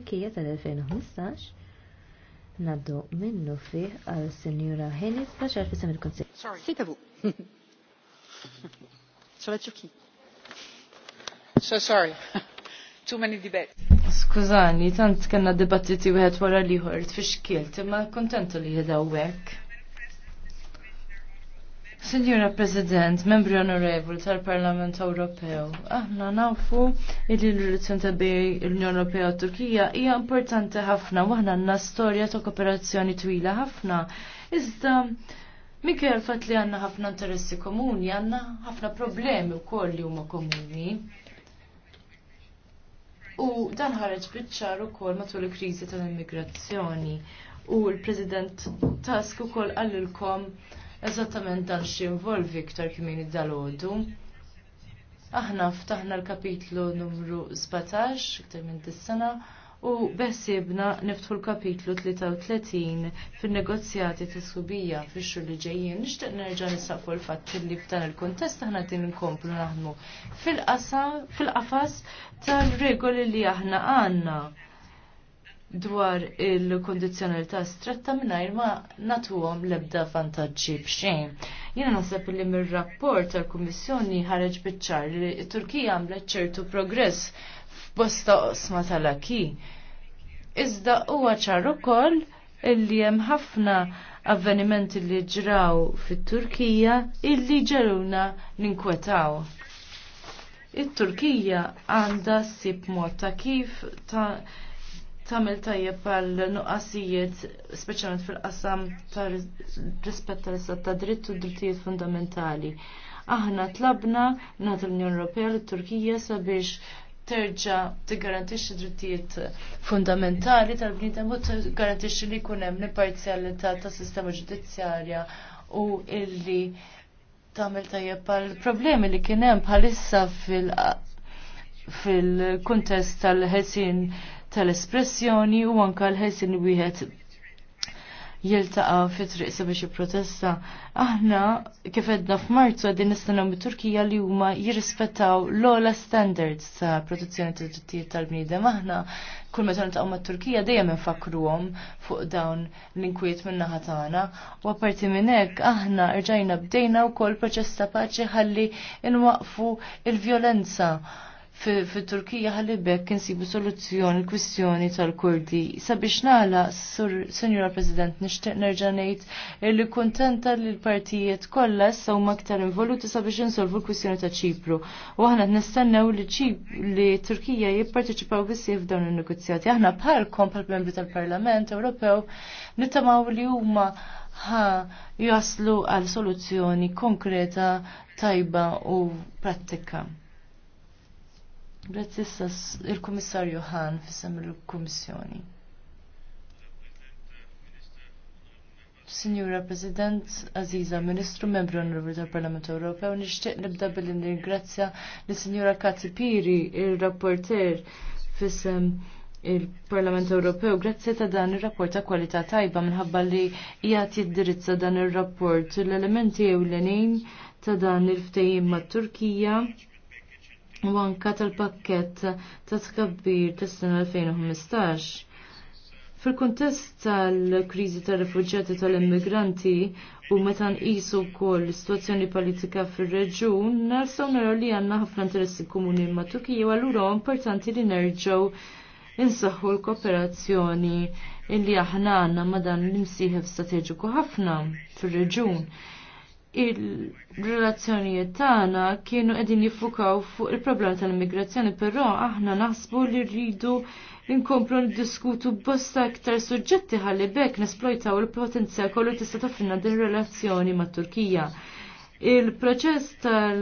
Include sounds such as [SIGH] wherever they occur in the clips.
Turkija tal-2015 naddu minnu fih għal Senjura Henis Bashar fi samil konsil. Sita bu. So [LAUGHS] So sorry. [LAUGHS] Too many debates. Skużani, tant kanna dibattiti wieħed wara liħor, tfixkilt, imma kontenta li jidawek. Signora President, membri onorevoli tal-Parlament Ewropew, aħna nafu illi l-relazzjoni ta' bej l-Unjoni Ewropea u Turkija hija importanti ħafna u aħna għandna storja ta' kooperazzjoni twila ħafna. Iżda Mikel fatt li għandna ħafna interessi komuni, għandna ħafna problemi wkoll li huma komuni. U dan ħareġ biċ-ċar ukoll matul il-kriżi tal-immigrazzjoni u l-President Tusk ukoll għallilkom eżattament dan x'involvi iktar Kimini dal-għodu. Aħna ftaħna l-kapitlu numru 17, iktar minn dis-sena, u besibna niftħu l-kapitlu 33 fil-negozjati ta' subija fi xur li ġejjien. Nishtiq nerġa' nisafu l-fatt li f'dan il-kontest aħna din nkomplu naħdmu fil fil-qafas tal-regoli li aħna għandna dwar il-kondizjonalità stretta mingħajr ma natuhom l-ebda vantaġġi b'xejn. Jiena naħseb li mir-rapport tal-Kummissjoni ħareġ biċ-ċar li t-Turkija għamlet ċertu progress f'bosta osma tal-aki. Iżda huwa ċar ukoll illi hemm ħafna avvenimenti li ġraw fit-Turkija illi ġeruna ninkwetaw. It-Turkija għandha ssib mod ta' kif ta' tamil tajjeb għal nuqqasijiet speċjalment fil-qasam ta' rispett tal-istat ta' dritt u drittijiet fundamentali. Aħna tlabna nagħt l-Unjoni Ewropea lit-Turkija sabiex terġa tiggarantixxi drittijiet fundamentali tal bnidem u tiggarantixxi li jkun hemm l-imparzjalità tas sistema ġudizzjarja u illi tagħmel tajjeb għal problemi li kien hemm bħalissa fil- fil-kuntest tal-ħesin tal-espressjoni u anka l ħessin wieħed jiltaqa fitriq sabiex protesta. Aħna kif edna f'Marzu għadin nistennew mit-Turkija li huma jirrispettaw l-ola standards ta' protezzjoni ta' drittijiet tal-bniedem. Aħna kull meta nitaqgħu mat-Turkija dejjem infakruhom fuq dawn l-inkwiet min-naħa tagħna. U apparti minn hekk aħna rġajna bdejna wkoll proċess ta' paċi ħalli nwaqfu il-vjolenza. l il vjolenza fit-Turkija ħalli bekk insibu soluzzjoni l-kwistjoni tal-Kurdi. Sabiex nala, Sinjura President, nixtieq nerġa' ngħid li kuntenta li l-partijiet kollha issa huma aktar involuti sabiex insolvu l-kwistjoni ta' Ċipru. U aħna t nistennew li li Turkija jipparteċipaw bissief f'dawn in-negozjati. Aħna bħalkom bħal membri tal-Parlament Ewropew nittamaw li huma ħa jaslu għal soluzzjoni konkreta, tajba u prattika. Grazzi il-Kummissarju Hahn fissem il-Kummissjoni. Signora President, Aziza, Ministru Membru Onorevoli tal-Parlament Ewropew, nixtieq nibda billi nirgrazzja li Signora Kati Piri, il-rapporter fissem il-Parlament Ewropew, grazzi ta' dan ir-rapport ta' kwalità tajba minħabba li jgħat jiddirizza dan ir-rapport l-elementi ewlenin ta' dan il ftejim mat-Turkija u anka tal-pakket ta' tkabbir tas-sena 2015. Fil-kuntest tal-kriżi tal-rifuġġati tal-immigranti u meta nqisu wkoll l-istwazzjoni politika fir-reġun, narsaw naraw li għandna ħafna interessi komuni ma' u allura importanti li nerġgħu insaħħu l-kooperazzjoni illi aħna għandna ma' dan l-imsieħeb strateġiku ħafna fir-reġun il-relazzjonijiet tagħna kienu qegħdin jiffukaw fuq il-problema tal-immigrazzjoni, però aħna naħsbu li rridu inkomplu niddiskutu bosta iktar suġġetti ħalli bekk nesplojtaw il-potenzjal kollu tista' toffrina din relazzjoni mat-Turkija. Il-proċess tal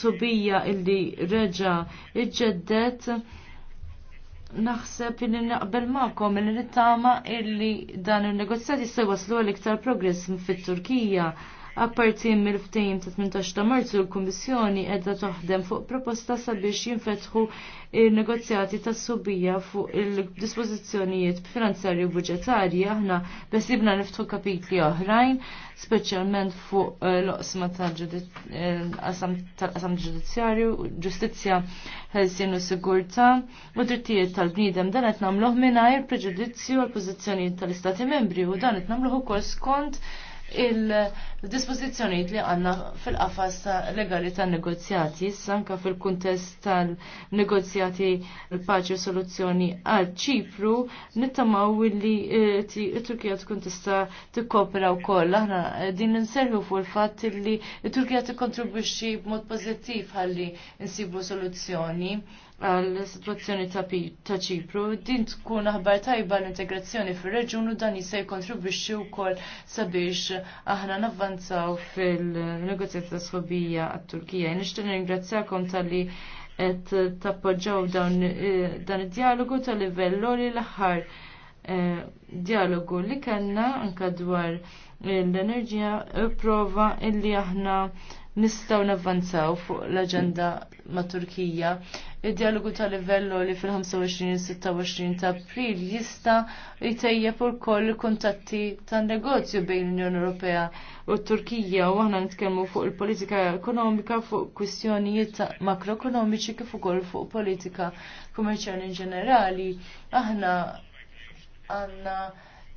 subija illi reġa iġġeddet naħseb li naqbel ma'kom li nittama illi dan il-negozjati se waslu għal iktar progress fit-Turkija. Apparti mill ftejn ta' 18 ta' Marzu l-Kummissjoni qiegħda toħdem fuq proposta sabiex jinfetħu il-negozjati ta' subija fuq il-dispożizzjonijiet finanzjarji u budġetarji aħna besibna niftħu kapitli oħrajn, speċjalment fuq eh, l-oqsma eh, tal-qasam ġudizzjarju, ġustizzja ħelsien u sigurta u drittijiet tal-bniedem dan qed nagħmluh mingħajr preġudizzju għal pożizzjonijiet tal-Istati membri u dan qed nagħmluh ukoll skont il disposizjoni li għanna fil-qafas legali ta' negozjati, sanka fil-kuntest tal-negozjati l-paċi u soluzzjoni għal ċipru, nittamaw li eh, il-Turkija tkun tista' u wkoll. Aħna din n-serju fuq il-fatt li il-Turkija tikkontribwixxi b'mod pożittiv ħalli nsibu soluzzjoni għal situazzjoni ta' ċipru, din tkun aħbar tajba l-integrazzjoni fil-reġun u dan jista' jkontribwixxi wkoll sabiex aħna navvanzaw fil-negozjati ta' sħobija għat-Turkija. Nixtieq ringrazzjakom tal-li qed tappoġġaw eh, dan id-dialogu tal-livell li l-aħħar eh, dialogu li kellna anke dwar l-enerġija prova illi aħna nistaw navvanzaw fuq l-agenda ma' Turkija. Id-dialogu tal livello li fil-25-26 ta' april jista jtejjeb ukoll kontatti ta' negozju bejn l-Unjoni Ewropea u Turkija u aħna nitkellmu fuq il-politika ekonomika fuq kwistjonijiet makroekonomiċi kif ukoll fuq politika kummerċjali in ġenerali. Aħna għandna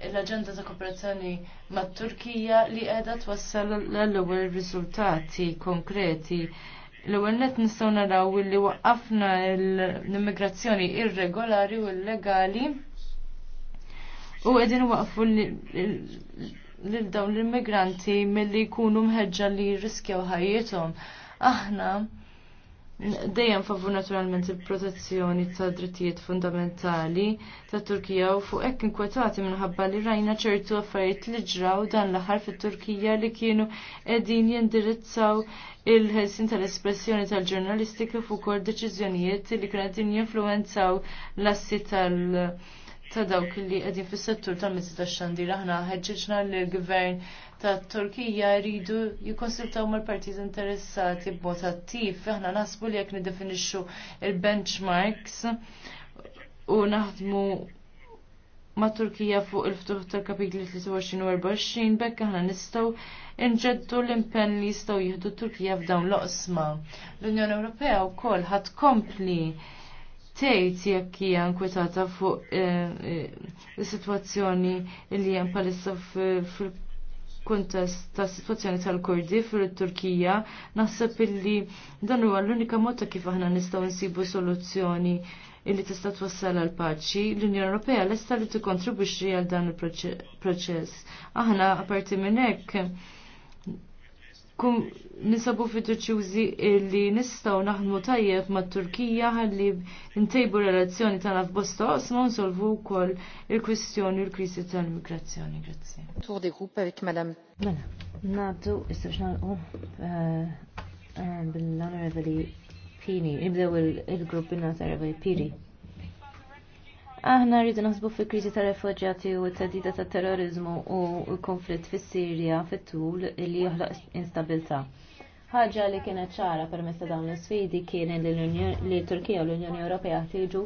l-aġenda ta' kooperazzjoni mat Turkija li qiegħda twassal l-ewwel riżultati konkreti. L-ewwel net nistgħu naraw li waqqafna l-immigrazzjoni irregolari u illegali u qegħdin waqfu lil dawn l-immigranti milli jkunu mħeġġa li jirriskjaw ħajjithom. Aħna dejjem favur naturalment il-protezzjoni ta' drittijiet fundamentali ta' Turkija u fuq hekk inkwetati minħabba li rajna ċertu affarijiet li ġraw dan l-aħħar fit-Turkija li kienu qegħdin jindirizzaw il-ħelsin tal-espressjoni tal-ġurnalisti kif ukoll deċiżjonijiet li kienu qegħdin jinfluwenzaw l-assi tal- ta' dawk li qegħdin fis-settur tal-mezzi tax-xandir aħna ħeġġeġna lill gvern ta' Turkija jridu jikonsultaw mal-partiz interessati b'mod attiv. Aħna nasbu li jekk nidefinixxu il-benchmarks u naħdmu ma' Turkija fuq il-ftuħ tal-kapitli 23 u 24 bekk aħna nistgħu inġeddu l-impenn li jistgħu jieħdu Turkija f'dawn l-oqsma. L-Unjoni Ewropea wkoll ħadd kompli tgħid jekk hija nkwetata fuq eh, eh, is-sitwazzjoni li hemm palissa fil kuntest ta' situazzjoni tal-Kurdi fil-Turkija, naħseb illi dan huwa l-unika mod kif aħna nistgħu nsibu soluzzjoni illi tista' twassal għal paċi, l-Unjoni Ewropea lesta li tikkontribwixxi għal dan il-proċess. Aħna apparti minn hekk kum nisabu fiduċjużi li nistaw naħdmu tajjeb ma' Turkija ħalli ntejbu relazzjoni tagħna f'bosta qosma nsolvu wkoll il-kwistjoni l krisi tal-migrazzjoni. Grazzi. Tur di grupp avec madame. Mela, nagħdu issa biex nagħlqu eh, eh, bil-Honorable Pini, nibdew il-grupp bin-Honorable Pini. Aħna rridu naħsbu fi kriżi ta' refuġjati u t tadida ta' terrorizmu u l-konflitt fis sirja fit-tul li joħloq instabilta. Ħaġa li kienet ċara per ta' dawn l-sfidi kienet li Turkija u l-Unjoni Ewropea ħtieġu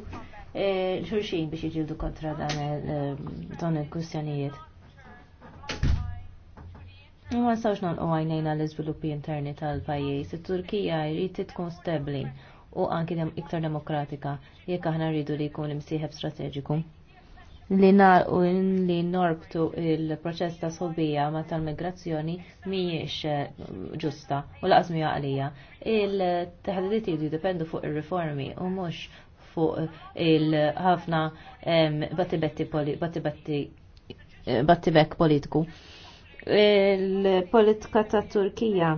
eh, xurxin biex iġildu kontra dan eh, il-kustjonijiet. Ma nistawx nalqu għajnejna l-iżviluppi interni tal-pajjiż. It-Turkija jrid tkun stabli u anki iktar demokratika jekk aħna rridu li jkun imsieħeb strateġiku. Li nar u li norbtu il-proċess ta' sobija ma tal-migrazzjoni mhijiex eh, ġusta u laqas mija għalija. Il-teħdidiet jiddu jiddependu fuq ir-riformi u mhux fuq il-ħafna battibetti eh, battibek politiku. Il-politika ta' Turkija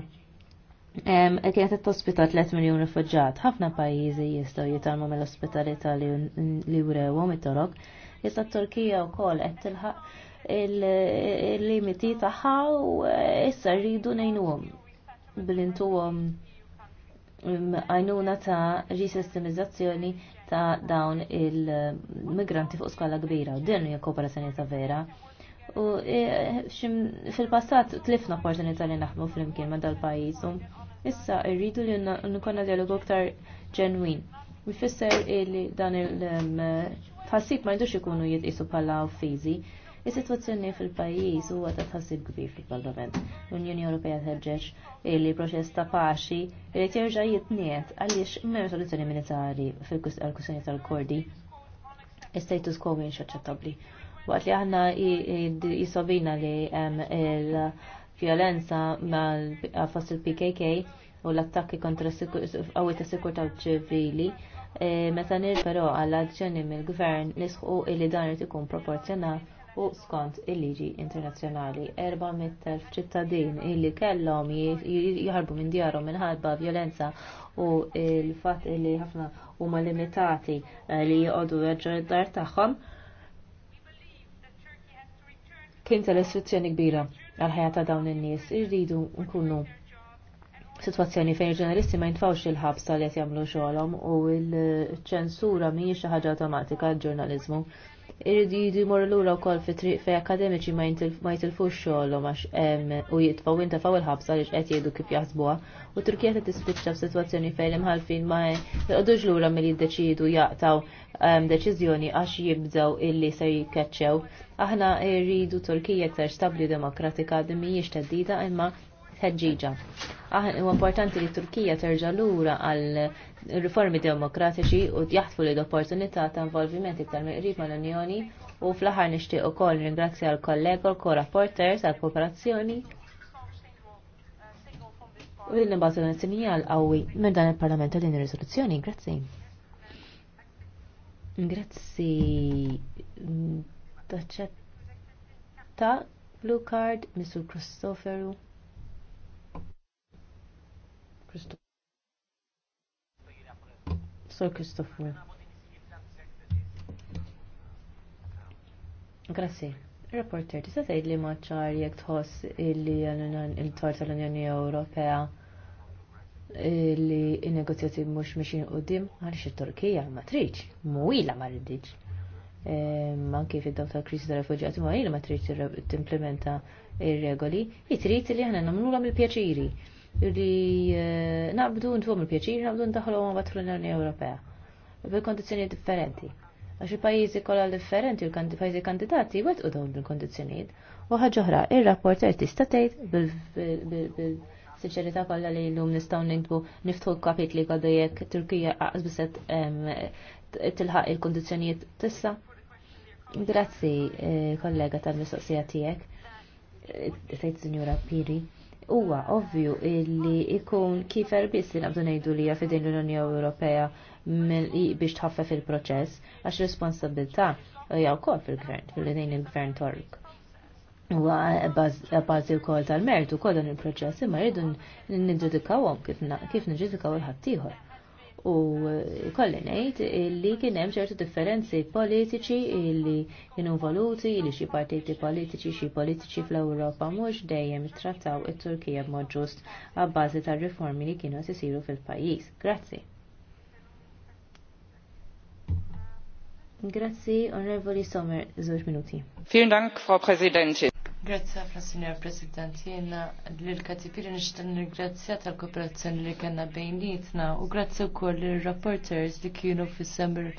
kienet t-ospita 3 miljon rifugġat. ħafna pajjiżi jistgħu jitalmu mill-ospitalità li wrewhom it-torok. t Turkija wkoll qed tilħaq il-limiti taħħa u eh, issa rridu ngħinuhom bil-intuhom għajnuna ta' risistemizzazzjoni ta' dawn il-migranti fuq skala kbira. U din hija kooperazzjoni ta' vera. U eh, fil-passat tlifna opportunità li naħmu fl-imkien ma' dal-pajjiż Issa rridu li nkonna dialogu aktar ġenwin. Mifisser li dan il-tħassib ma jdux ikunu jitqisu bħala fizi. is situazzjoni fil-pajjiż huwa ta' tħassib kbir fil-Parlament. L-Unjoni Ewropea terġeġ li proċess ta' paċi li terġa' jitniet għaliex m'hemm soluzzjoni militari fil-kwistjoni tal-Kordi. Is-status quo mhix aċċettabbli. Waqt li aħna jisobina li hemm violenza mal fass il-PKK u l-attakki kontra għawi ta' sikurta ċivili. E, meta nir però għall azzjoni mill-gvern nisħu illi dan irid ikun proporzjonal u skont il-liġi internazzjonali. Erba' mit-telf ċittadin illi kellhom jħarbu minn djarhom minħabba violenza u l-fatt illi ħafna huma limitati eh, li jgħodu dar tagħhom kien tal-istruzzjoni kbira għal-ħajja ta' dawn in-nies irridu nkunu situazzjoni fejn il-ġurnalisti ma jintfawx il-ħabs tal qed jagħmlu xogħolhom u l-ċensura mhijiex xi ħaġa awtomatika għall-ġurnaliżmu irridu jidu jmorru lura wkoll fi triq akademiċi ma jitilfux xogħolhom għax u jitfaw inta faw il-ħabsa li qed jgħidu kif jaħsbuha u Turkija qed tispiċċa f'sitwazzjoni fejn l-imħalfin ma l lura milli jiddeċidu jaqtaw deċiżjoni għax jibdaw illi se jikkeċċew. Aħna rridu Turkija iktar stabbli demokratika din mhijiex teddida imma ħeġġiġa. U importanti li Turkija terġa lura għal riformi demokratiċi u jaħtfu li d-opportunità ta' involviment iktar miqrib mal-Unjoni u fl-aħħar nixtieq ukoll ringrazzja l kollega l korrapporters għal kooperazzjoni u li nibgħatu sinjal qawwi minn dan il-Parlament din ir-riżoluzzjoni. Grazzi. Grazzi. Taċċetta blue card, Mr. Christopheru. Sir Kristofru. Grazie. Reporter, tista' tgħid li maċċar jekk tħoss illi il-tor tal-Unjoni Ewropea li n-negozjati mhux mixin qudiem għaliex it-Turkija ma tridx, mwila ma rridx. Ehm, Anke fid-daw tal-kriżi tal-refuġjati ma ilha ma tridx timplementa ir-regoli, jitrid li aħna nagħmluha mill-pjaċiri li eh, naqbdu ntwom il-pjaċir, naqbdu għom għatru l-Unjoni Ewropea. Bil-kondizzjoni differenti. Għax il-pajjiżi kollha differenti u pajizi pajjiżi kandidati u dawn bil kondizjoniet U ħaġa oħra, ir-rapporter tista' tgħid bil-sinċerità kollha li llum nistgħu nintbu niftħu l-kapitli għadu jekk Turkija qaqs biset tilħaq il kondizjoniet tissa. Grazzi eh, kollega tal-mistoqsija tiegħek. Eh, tgħid Signora Piri huwa ovvju illi ikun kif biss li nabdu ngħidu li fidejn l-Unjoni Ewropea biex tħaffef il-proċess għax responsabilità hija wkoll fil-gvern, fil din il-gvern Tork. Huwa bażi wkoll tal-mertu wkoll dan il-proċess imma rridu niġġudikawhom kif niġġudikaw il-ħaddieħor u kolli ngħid li kien hemm ċertu differenzi politiċi li kienu voluti li xi partiti politiċi xi politiċi fl-Ewropa mhux dejjem trattaw it-Turkija b'mod ġust għabbażi tar-riformi li kienu sisiru fil-pajjiż. Grazzi. Grazzi, Onorevoli Sommer, żewġ minuti. Vielen Dank, Frau Präsidentin. Grazie ħafna, Signor President. Jena l-katipiri nishtan ringrazzja tal-kooperazzjoni li kena bejnietna u grazzi wkoll ir-rapporters li kienu fis-semmer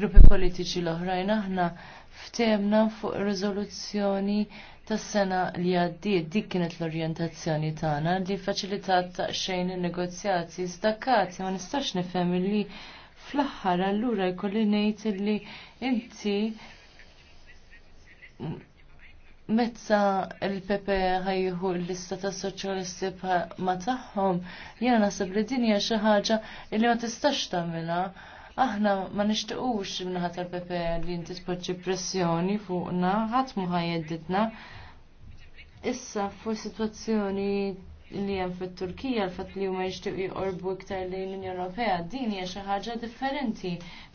gruppi politiċi l-oħrajn aħna ftemna fuq riżoluzzjoni tas-sena li għaddiet dik kienet l-orjentazzjoni tagħna li faċilitat taqxejn in-negozjati stakkati ma nistax nifhem li fl-aħħar allura jkolli ngħid li inti mezza l-Pepe ħajju l-lista ta' soċjalisti ma tagħhom, jiena naħseb li din hija xi ħaġa li ma tistax tagħmilha aħna ma nishtiqux minnaħat tal-Pepe li inti tpoġġi pressjoni fuqna, ħadd mu Issa fu situazzjoni li jem fit-Turkija l fat li huma jixtiequ jqorbu iktar lejn l-Unjoni Ewropea din hija xi ħaġa differenti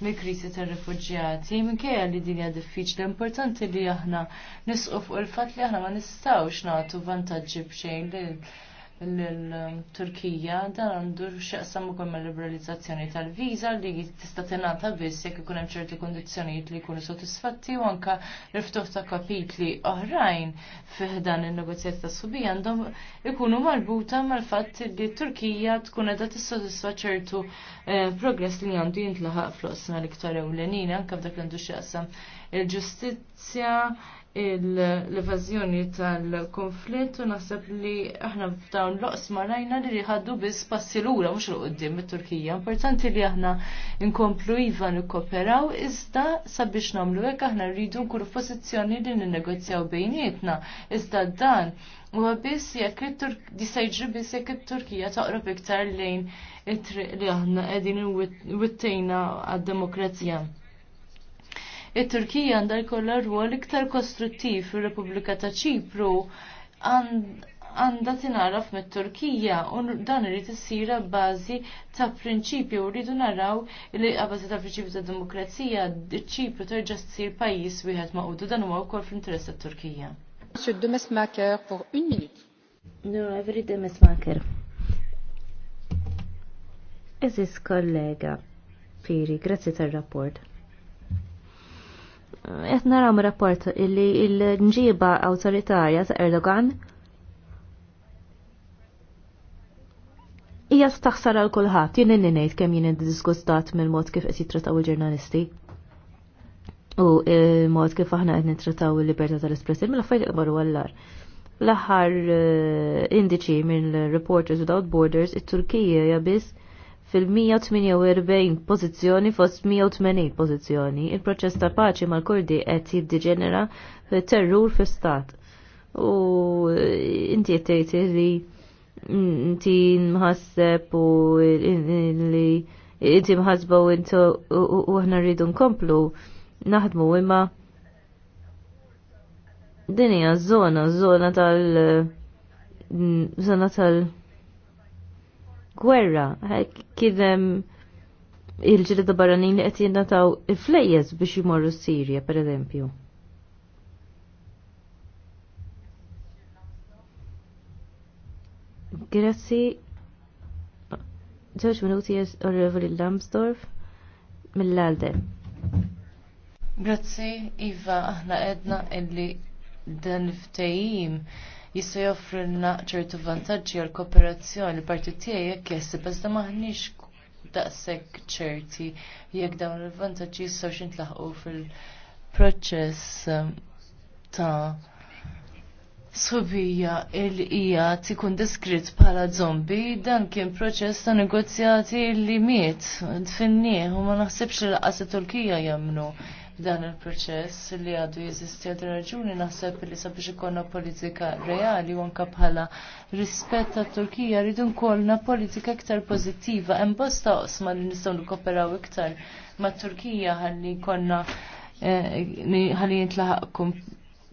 mill-krisi tar-rifuġjati minkejja li din hija diffiċli importanti li aħna nisqu fuq il-fatt li aħna ma nistgħux nagħtu vantaġġi b'xejn lil l-Turkija dan għandu x'jaqsam ukoll kolma liberalizzazzjoni tal-viża li tista' tingħata biss jekk ikun hemm ċerti kundizzjonijiet li jkunu sodisfatti u anke riftuħ ta' kapitli oħrajn fih dan in ta' subija għandhom ikunu marbuta mal-fatt li t-Turkija tkun qiegħda tissodisfa ċertu eh, progress li għandu jintlaħaq fl-osna l-iktar ewlenin anke f'dak għandu x'jaqsam il-ġustizzja l-evażjoni tal-konflitt u naħseb li aħna f'dawn l-oqsma rajna li ħaddu biss passi lura mhux l qudiem mit-Turkija. Importanti li aħna nkomplu iva nikkoperaw iżda sabiex nagħmlu hekk aħna rridu nkunu f'pożizzjoni li ninnegozjaw bejnietna. Iżda dan huwa biss jekk jiġri biss jekk it-Turkija toqrob iktar lejn it-triq li aħna qegħdin wittejna għad-demokrazija it-Turkija għandha jkollha rwol iktar kostruttiv fir repubblika ta' Ċipru għandha tingħaraf mit-Turkija u dan irid issir bażi ta' prinċipju u rridu naraw li għabażi ta' prinċipju ta' demokrazija ċipru terġa' ssir pajjiż wieħed maqudu dan huwa wkoll fl-interess tat-Turkija. Monsieur Demesmaker pour une minute. No, every Demesmaker. Eżis kollega, Piri, grazzi tal-rapport. Qed naraw rapport li l-nġiba awtoritarja ta' Erdogan hija staħsar għal kulħadd. Jien inni ngħid kemm jien disgustat mill-mod kif qed jittrataw il-ġurnalisti. U mod kif aħna qed nittrataw il-libertà tal-espressjoni mill-affarijiet għall għallar. L-aħħar eh, indiċi mill Reporters Without Borders, it-Turkija hija biss fil-148 pożizzjoni fost 180 pożizzjoni. Il-proċess ta' paċi mal-Kurdi qed jiddiġenera terrur fl stat. U inti qed li inti mħasseb u li inti mħasba u inti u aħna rridu nkomplu naħdmu imma din hija żona, żona tal żona tal gwerra, kidem il da barranin li qed jinnataw il-flejjes biex jimorru Sirja, per eżempju. Grazzi. ġoċ minuti onorevoli Lamsdorf, mill lalde Grazzi, Iva, aħna edna illi dan il-ftejim jista' joffrilna ċertu vantaġġi għal kooperazzjoni l parti tiegħi jekk jessi iżda maħniex daqshekk ċerti jekk dawn il-vantaġġi jistgħu xintlaħqu fil-proċess um, ta' Sobija il-ija tikun deskritt bħala zombi, dan kien proċess ta' negozjati li miet, tfinnieh u ma naħsibx li laqas Turkija jamnu Dan il-proċess li għadu jeżisti għad raġuni naħseb li sabiex ikollna politika reali u anka bħala rispett għat Turkija rridu nkollna politika iktar pozittiva hemm bosta li nistgħu nikkooperaw iktar mat Turkija ħalli konna eh, ħalli jintlaħaqkom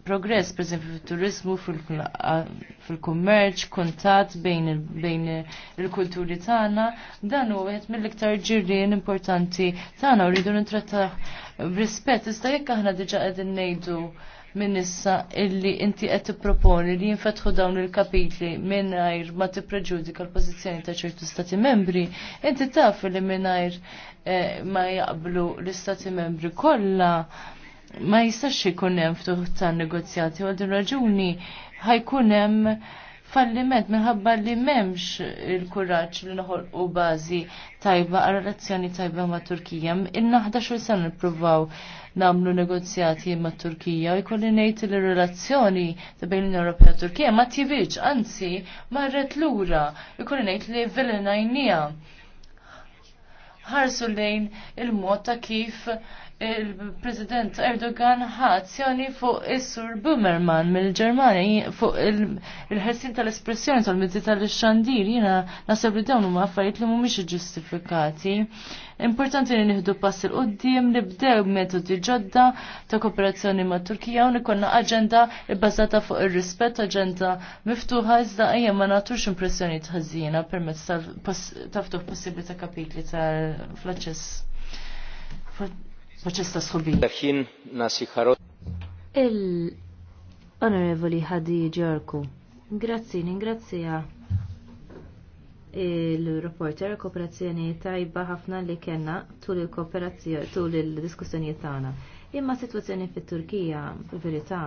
progress, per esempio, fil-turizmu, fil-kummerċ, kontat bejn il-kulturi tagħna, dan u għet mill-iktar ġirrien importanti tagħna u rridu nitrattaħ b'rispett. Iżda jekk aħna diġa qegħdin ngħidu minn issa illi inti qed tipproponi li jinfetħu dawn il-kapitli mingħajr ma tippreġudika l-pożizzjoni ta' ċertu stati membri, inti taf li mingħajr eh, ma jaqblu l-istati membri kollha ma jistax ikun hemm ftuħ tan negozjati għal din raġuni ħajkun hemm falliment minħabba li m'hemmx il-kuraġġ li noħolqu bażi tajba għal relazzjoni tajba ma' Turkija. Inna 11 sena nippruvaw nagħmlu negozjati ma' Turkija u jkolli ngħid li relazzjoni ta' bejn l-Unjoni Ewropea Turkija ma tibiċ, anzi marret lura. Jkolli ngħid li jnija ħarsu lejn il-mod ta' kif il-President Erdogan ħazzjoni fuq is-Sur Bumerman mill-Ġermani fuq il-ħessin tal-espressjoni tal-mizzi tal-xandir jina nasab li dawn huma affarijiet li mhumiex ġustifikati. Importanti li nieħdu pass il qoddim li bdew metodi ġodda ta' kooperazzjoni ma' Turkija u nikonna aġenda bbażata fuq ir-rispett agenda miftuħa iżda ejja ma nagħtux impressjoni tħażina permezz ta' ftuħ possibbli ta' kapitli tal-flaċess sħobija. Il-Onorevoli Hadi Ġorku, grazzi, ningrazzija il-reporter kooperazzjoni tajba ħafna li kena tul il-kooperazzjoni tul il-diskussjoni tagħna. Imma situazzjoni fit-Turkija fil-verità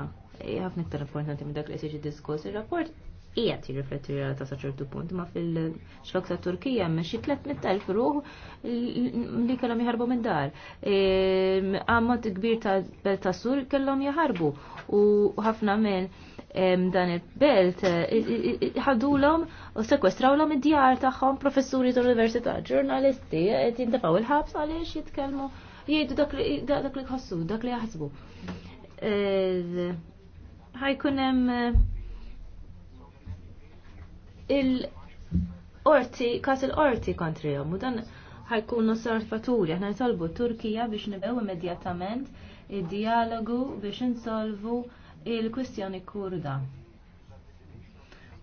ħafna iktar importanti minn dak li jiġi diskuss. Ir-rapport qiegħed jirrifletti ta' saċertu punt ma fil-xlok ta' Turkija hemm xi 300,000 ruħ li kellhom jħarbu minn dar. Ehm, Ammont kbir ta' belt ta' sur kellhom jaħarbu u ħafna minn ehm, dan il-belt eh, ħadulhom u sekwestrawlhom id-djar tagħhom professuri tal-università, ġurnalisti qed jindafaw il-ħabs għaliex jitkellmu jgħidu dak li jħossu, dak li jaħsbu ehm, ħajkun hemm eh, il-orti, kas il-orti kontrihom u dan ħajkun osservaturi, aħna nitolbu Turkija biex nibew immedjatament id-dialogu biex insolvu il-kwistjoni kurda.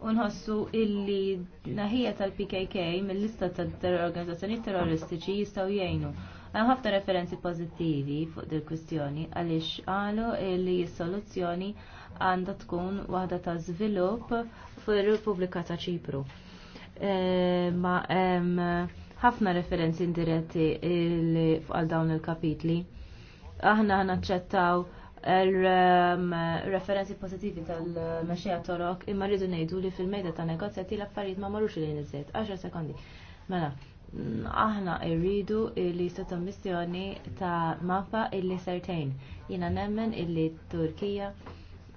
Unħossu illi naħija tal-PKK mill-lista tal-organizzazzjoni terroristiċi jistaw jgħinu. Hemm ħafna referenzi pożittivi fuq dil-kwistjoni għaliex qalu li s-soluzzjoni għandha tkun waħda ta' żvilupp fir-Repubblika ta' Ċipru. E, ma hemm ħafna referenzi indiretti li dawn il-kapitli. Aħna naċċettaw il-referenzi er, pozittivi tal-mexija torok imma rridu ngħidu li fil-mejda ta' negozjati l-affarijiet ma marrux li nizzet. 10 sekondi. Mela, aħna rridu li sottomissjoni ta' mappa illi sertejn. Jina nemmen illi Turkija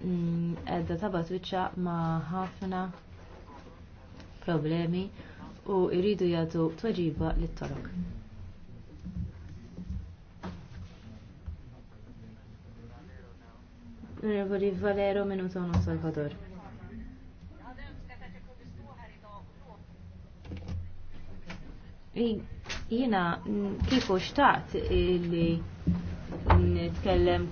edda tabat wiċċa ma' ħafna problemi u iridu jadu tweġiba lit-torok. Onorevoli Valero Minutono Salvador. Jina kifu xtaqt illi nitkellem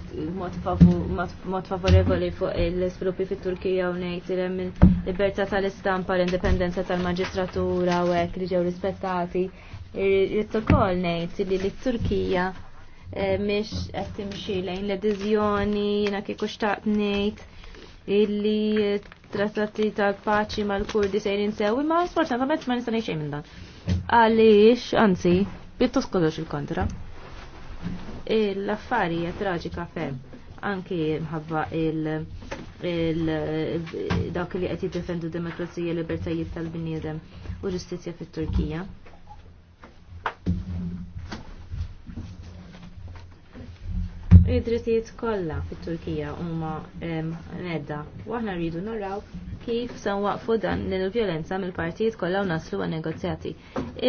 mod favorevoli fuq l-sviluppi fit-Turkija u ngħid hemm il-libertà tal-istampa, l-indipendenza tal-maġistratura u hekk li ġew rispettati. Irid ukoll ngħid li l-Turkija eh, mhix qed timxi lejn l-ediżjoni jiena kieku xtaqt ngħid illi trattati tal-paċi mal-Kurdi sejrin sewi imma sforza ma nista' ngħid xejn minn dan. Għaliex, anzi, pjuttost kollox il-kontra l-affarija traġika fem anki mħabba il dawk li qed jiddefendu demokrazija, libertajiet tal-bniedem u ġustizzja fit-Turkija. Id-drittijiet kollha fit-Turkija huma medda u aħna rridu naraw kif se waqfu dan l-vjolenza mill-partijiet kollha u naslu għan negozjati.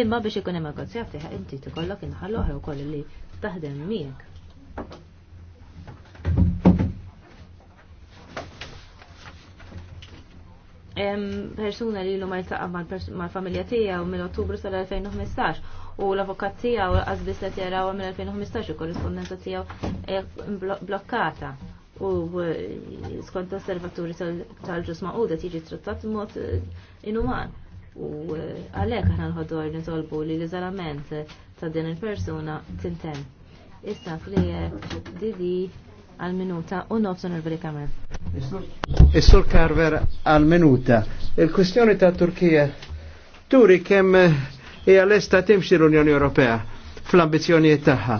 Imma biex ikun hemm negozjati ħaq inti tikollok inħallu oħra wkoll li taħdem miegħek. persuna li l-lum għaltaqa mal-familja tijaw mill-ottubru sal-2015 u l-avokat tijaw għazbis li tijaw mill-2015 u korrespondenza tijaw e, blokkata u e, skont osservaturi tal-ġus maquda tiġi trattat mod e, inuman u għalek ħana nħodor nitolbu li l-izolament ta' din il-persuna tinten. Issa flijek didi għal-minuta u nofsu il kamer. Issur Karver għal-minuta. il kustjoni ta' Turkija turi kemm hija lesta timxi l-Unjoni Ewropea fl-ambizzjonijiet tagħha.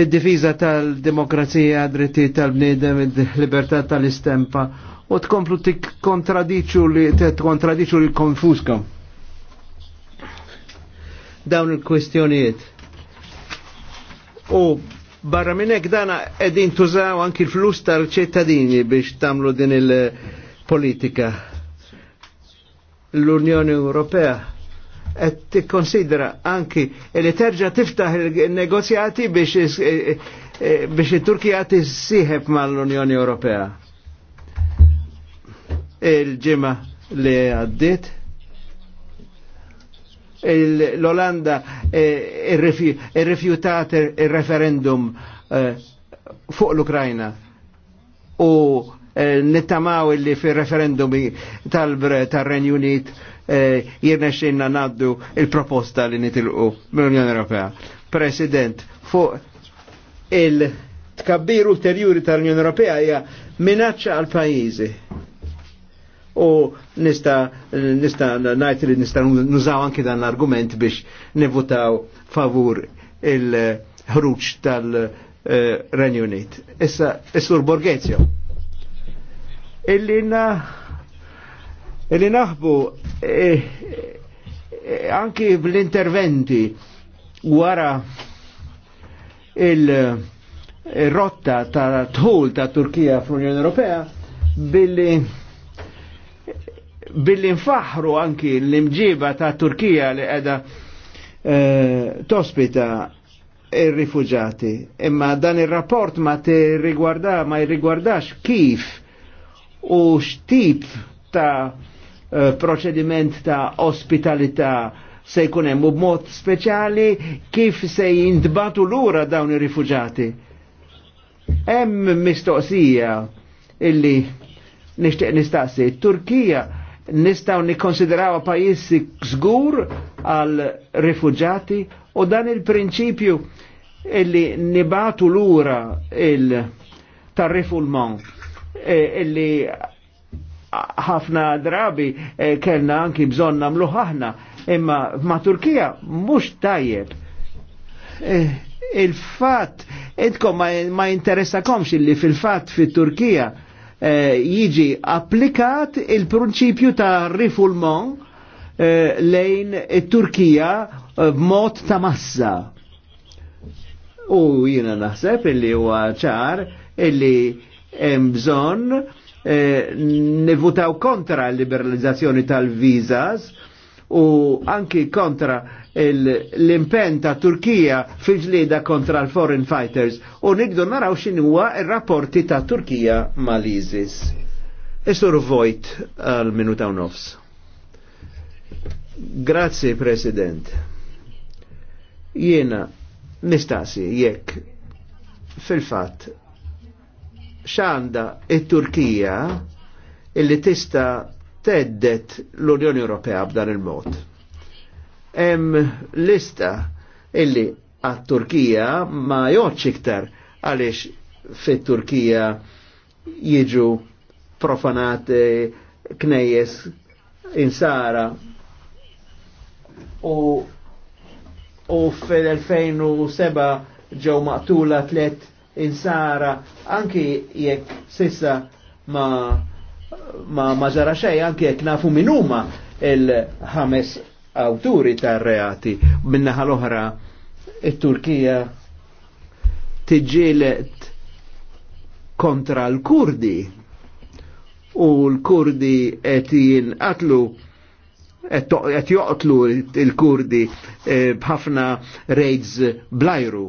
Id-difiża tal-demokrazija, drittijiet tal-bniedem, libertà tal-istempa u tkomplu tikkontradiċu li tkontradiċu li konfuskom dawn il-kwestjonijiet. U barra minnek dana edin tużaw anki l-flus tal-ċittadini biex tamlu din il-politika. L-Unjoni Ewropea qed konsidra anki li terġa' tiftaħ il-negozjati biex e- e- e- biex il turkija ma l unjoni Ewropea. il ġima li għaddit l-Olanda irrifjutat il-referendum eh, fuq l-Ukrajna u eh, nittamaw illi fi referendum tal-Renju Unit eh, jirnexxinna naddu il-proposta li nitilqu mill-Unjoni Ewropea. President, fuq il-tkabbir ulterjuri tal-Unjoni Ewropea hija minaccia għal pajjiżi u nista nista najt li nista nużaw anki dan l-argument biex nivutaw favur il-ħruġ tal-Renju Unit. Issa, Issur Borghezio. Illina illi naħbu eh, eh, anki bl-interventi wara il-rotta ta' tħul ta' Turkija fl-Unjoni Ewropea billi billi nfaħru anki l-imġiba ta' Turkija li għeda eh, tospita il rifugġati Imma dan il-rapport ma riguarda ma jirrigwardax kif u xtip ta' eh, proċediment ta' ospitalità se jkun hemm b'mod speċjali kif se jintbatu lura dawn ir-rifuġati. Hemm mistoqsija illi nixtieq nistaqsi, Turkija nistaw nikonsideraw pajis żgur għal rifugġati u dan il-prinċipju illi nibatu l-ura il-tarrifulmon e, illi ħafna drabi e, kellna anki bżon namlu ħahna imma ma' Turkija mux tajjeb e, il-fat idkom ma, ma interessakomx illi fil-fat fit-Turkija Eh, jiġi applikat il-prinċipju ta' rifulmon eh, lejn it-Turkija eh, b'mod ta' massa. U jina naħseb illi huwa ċar illi hemm bżonn nivutaw kontra l-liberalizzazzjoni tal-vizas u anki kontra l-impen ta' Turkija fil-ġlida kontra l-foreign fighters u nikdu naraw xin huwa il-rapporti ta' Turkija mal-ISIS. Isur vojt għal-minuta u nofs. Grazie, President. Jena nistasi jekk fil-fat xanda il turkija illi tista' teddet l-Unjoni Ewropea b'dan il-mod. Em lista illi għat-Turkija ma joċ iktar għalix fit-Turkija jiġu profanate knejjes insara u u fil-2007 ġew maqtula tlet insara anki jekk sissa ma' ma ma zara xej anke jekk nafu min huma il-ħames awturi tar-reati minnaħa l-oħra it-Turkija tiġġielet kontra l-Kurdi u l-Kurdi qed jinqatlu qed joqtlu l-Kurdi eh, b'ħafna raids blajru.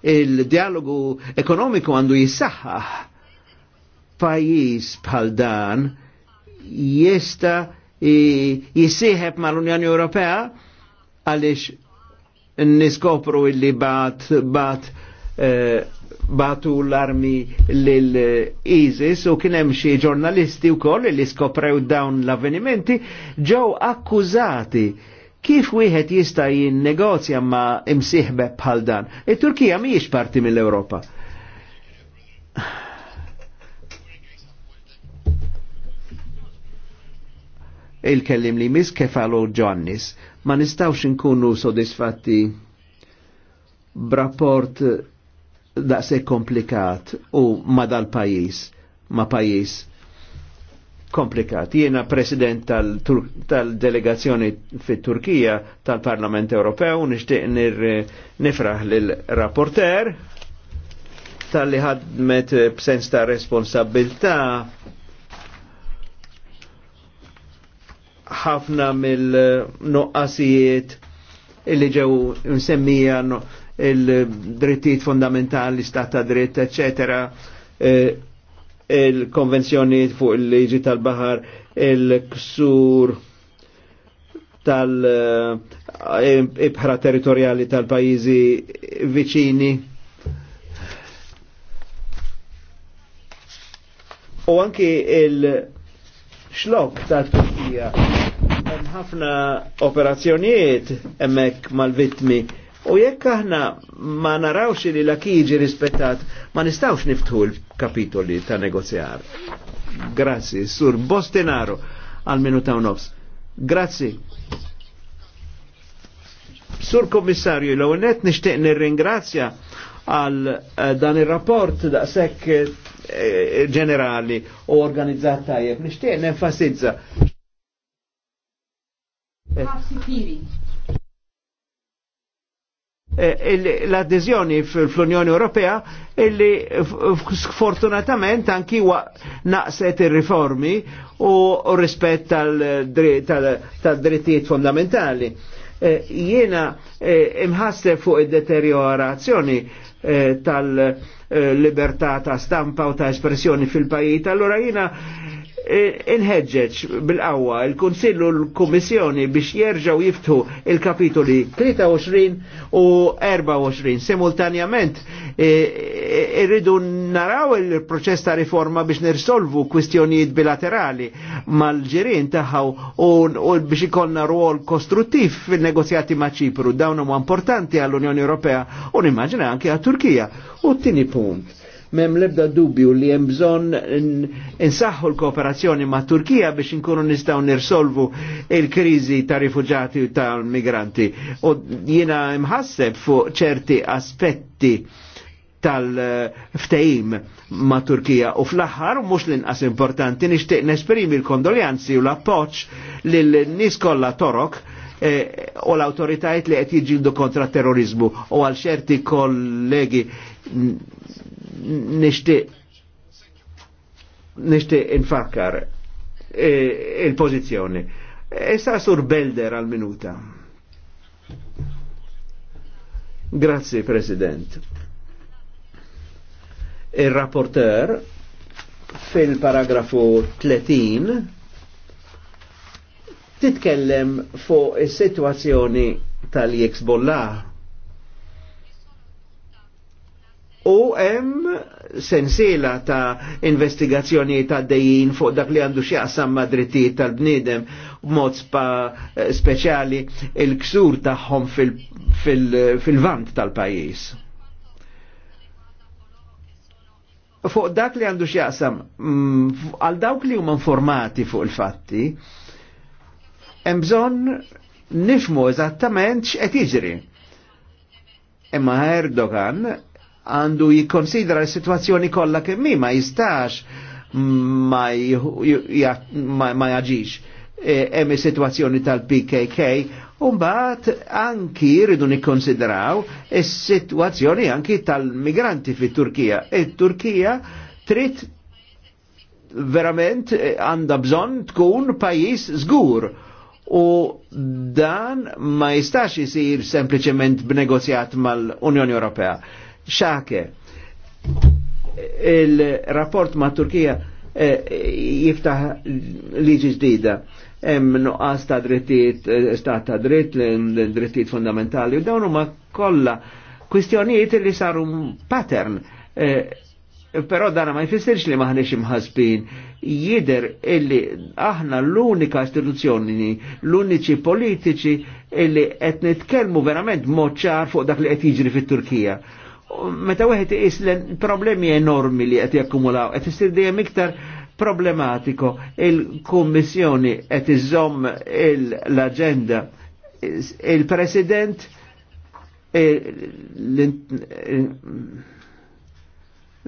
Il-dialogu ekonomiku għandu jissaħħaħ pajis bħal dan jista jisieħeb mal-Unjoni Ewropea għaliex niskopru illi bat bat eh, batu l-armi l-ISIS u kienem xie ġurnalisti u koll li skoprew dawn l-avvenimenti ġew akkużati kif wieħed jista' jinnegozja ma' imsieħbeb bħal dan. it e turkija mhijiex parti mill-Ewropa. il-kellim li mis kefalu għalu Ma nistawx nkunu sodisfatti b'rapport se komplikat u ma dal-pajis, ma pajis komplikat. Jiena president tal-delegazzjoni tal fit-Turkija tal-Parlament Ewropew, nixtieq nifraħ lill-rapporter tal-li ħadmet b'sens ta' responsabilta' ħafna mill-noqqasijiet illi ġew msemmija il-drittijiet fondamentali, stat ta' dritt, eccetera, eh, il-konvenzjoni fuq il-liġi tal-bahar, il-ksur tal-ibħra eh, territoriali tal-pajizi viċini. U anki il- xlok ta' Turkija. Hemm ħafna operazzjonijiet hemmhekk mal-vittmi u jekk aħna ma narawx li l-akiġi rispettat ma nistawx niftħu l-kapitoli ta' negozjar. Grazzi, sur Bostenaro għal minuta ta' nofs. Grazzi. Sur Kommissarju, l-għonet nishtiq nir-ringrazzja għal eh, dan il-rapport da' sekk eh, ġenerali u organizzat tajjeb. Nishtiq n-enfasizza. Eh, l adizjoni fl-Unjoni Ewropea illi sfortunatament anki naqset il-riformi u rispett tal-drittijiet fondamentali. E, jiena e, fuq id-deteriorazzjoni Eh, tal-libertà eh, ta' stampa u ta' espressjoni fil-pajjiet. Allora jina Eh, inħeġġeġ bil-qawwa il-Kunsillu l-Kummissjoni biex jerġaw jiftu il-kapitoli 23 u 24 simultanjament eh, irridu naraw il-proċess ta' riforma biex nirsolvu kwistjonijiet bilaterali mal-ġirien tagħhaw u biex ikollna rwol kostruttiv fil-negozjati ma' Ċipru dawn huma importanti għall-Unjoni Ewropea u nimmaġina anke għat-Turkija. U t-tieni punt mem lebda dubju li hemm bżonn insaħħu l-kooperazzjoni ma' Turkija biex inkunu nistgħu nirsolvu il-kriżi ta' rifuġati u tal-migranti. U jiena imħasseb fuq ċerti aspetti tal-ftejim ma' Turkija u fl-aħħar mhux l-inqas importanti nixtieq nesprimi l-kondoljanzi u l-appoġġ lil nies kollha Torok eh, u l-autoritajt li qed jiġildu kontra terrorizmu u għal xerti kollegi nishtiq nishtiq infakkar e, il-pozizjoni. Issa sur Belder għal minuta. Grazzi, President. Il-rapporter fil-paragrafu 30 titkellem fuq is-sitwazzjoni tal jeksbollah u hemm sensiela ta' investigazzjoni ta' dejjin fuq dak li għandu x'jaqsam ma' drittijiet tal-bniedem b'mod eh, speċjali il-ksur tagħhom fil-vant fil fil tal-pajjiż. Fuq dak li għandu x'jaqsam mm, għal dawk li huma informati fuq il-fatti, hemm bżonn nifmu eżattament x'qed jiġri. Imma Erdogan għandu jikonsidra l-situazzjoni kollha kemm ma jistax mm, ma jaġix e, hemm is-sitwazzjoni tal-PKK u mbagħad anki jridu nikkonsidraw is-sitwazzjoni anki tal-migranti fit-Turkija. It-Turkija trid verament għandha bżonn tkun pajjiż żgur u dan ma jistax isir sempliċement b'negozjat mal-Unjoni Ewropea xake. Il-rapport ma' Turkija eh, jiftaħ liġi ġdida hemm nuqqas ta' drittijiet eh, stat ta' dritt, drittijiet fundamentali u dawn huma kollha kwistjonijiet li saru pattern. Eh, però dana ma jfissirx li maħniex imħasbin. Jider illi aħna l-unika istituzzjoni, l-uniċi politiċi illi qed nitkellmu verament mod ċar fuq dak li qed jiġri fit-Turkija meta wieħed is problemi enormi li qed jakkumulaw, qed isir dejjem iktar problematiko il-Kummissjoni qed iżomm l-aġenda il-President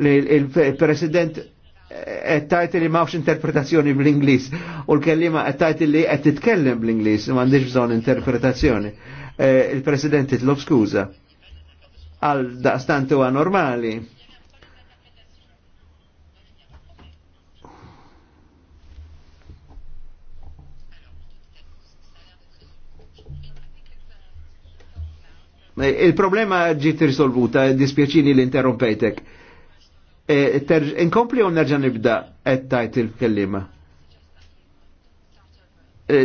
il-President għettajt li mawx interpretazzjoni bl ingliż u l-kellima għettajt li qed titkellem bl-Inglis, M'għandix bżonn interpretazzjoni. Eh, Il-President titlob skuza għal daqstant huwa normali. Il-problema ġiet risolvuta, dispjaċini l interrompejtek. E, inkompli u nerġa nibda, għettajt il-kellima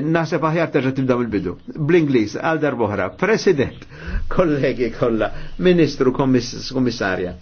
nasa paħjar terġa tibda mill-bidu. Bl-Inglis, għaldar boħra, President, [LAUGHS] kollegi kolla, Ministru, Kommissarja.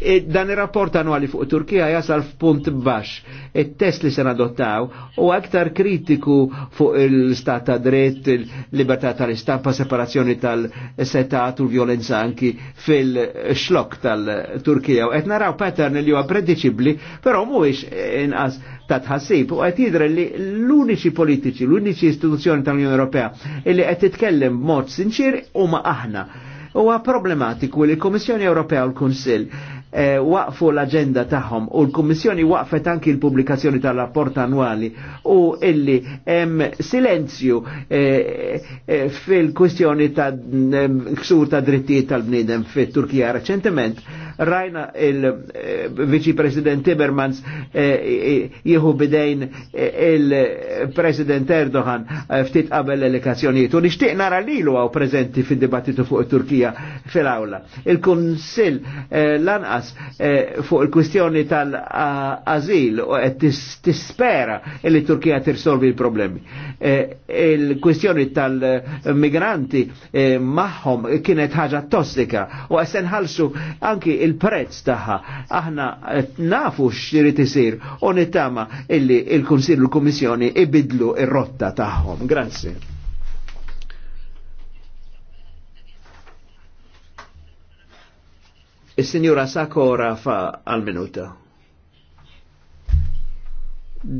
E dan il-rapport annuali fuq Turkija jasal f'punt baxx. Il-test li se nadottaw u aktar kritiku fuq il-stat ta' dritt, il-libertà tal-istampa, separazzjoni tal-setat u violenza anki fil-xlok tal-Turkija. Et naraw pattern li huwa prediċibli, però mhuwiex inqas ta' tħassib u għet jidher li l-uniċi politiċi, l-uniċi istituzzjoni tal-Unjoni Ewropea illi għet titkellem mod sinċir u ma aħna huwa problematiku li l-Komissjoni Ewropea u l konsil Eh, waqfu l-agenda tagħhom u l-Kummissjoni waqfet anki l-pubblikazzjoni tal-rapport annwali u illi hemm silenzju eh, eh, fil-kwistjoni ta' ksur ta' drittijiet tal-bniedem fit-Turkija reċentement rajna il-Viċi President Timmermans jieħu bidejn il-President Erdogan ftit qabel l-elekazzjonijiet u nixtieq nara lilu għaw prezenti fid-dibattitu fuq it-Turkija fil-awla. Il-Kunsill lanqas każ eh, fuq il-kwistjoni tal-azil u qed tispera li Turkija tirsolvi il problemi eh, Il-kwistjoni tal-migranti eh, maħħom kienet ħaġa tossika u għessen ħalsu anki il-prezz taħħa. Aħna nafu x'irid isir u nittama illi il-Kunsill u l komissjoni ibidlu il rotta taħħom. Grazie. Is-Sinjura Sakora fa għal-minuta.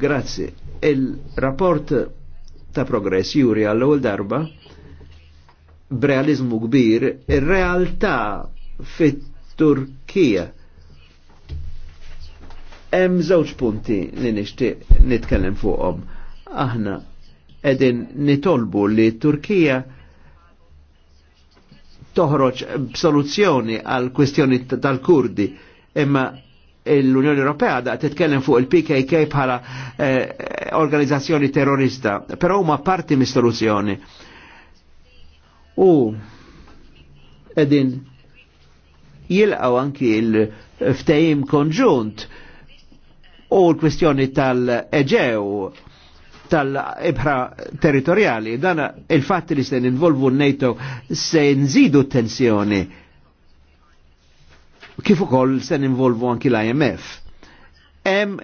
Grazzi. Il-rapport ta' progress juri għall-ewwel darba b'realizmu kbir ir-realtà fit-Turkija. Hemm żewġ punti li nixtieq nitkellem fuqhom. Aħna qegħdin nitolbu li Turkija toħroġ b'soluzzjoni għal kwestjoni tal-Kurdi imma l-Unjoni Ewropea da titkellem fuq il-PKK bħala eh, organizzazzjoni terrorista, però huma parti mis-soluzzjoni. U edin jilqaw anki il-ftehim konġunt u l-kwestjoni tal-Eġew tal-ibħra territoriali. Dan il-fatt li se involvu n-NATO se nżidu tensjoni kif ukoll se involvu anki l-IMF. Hemm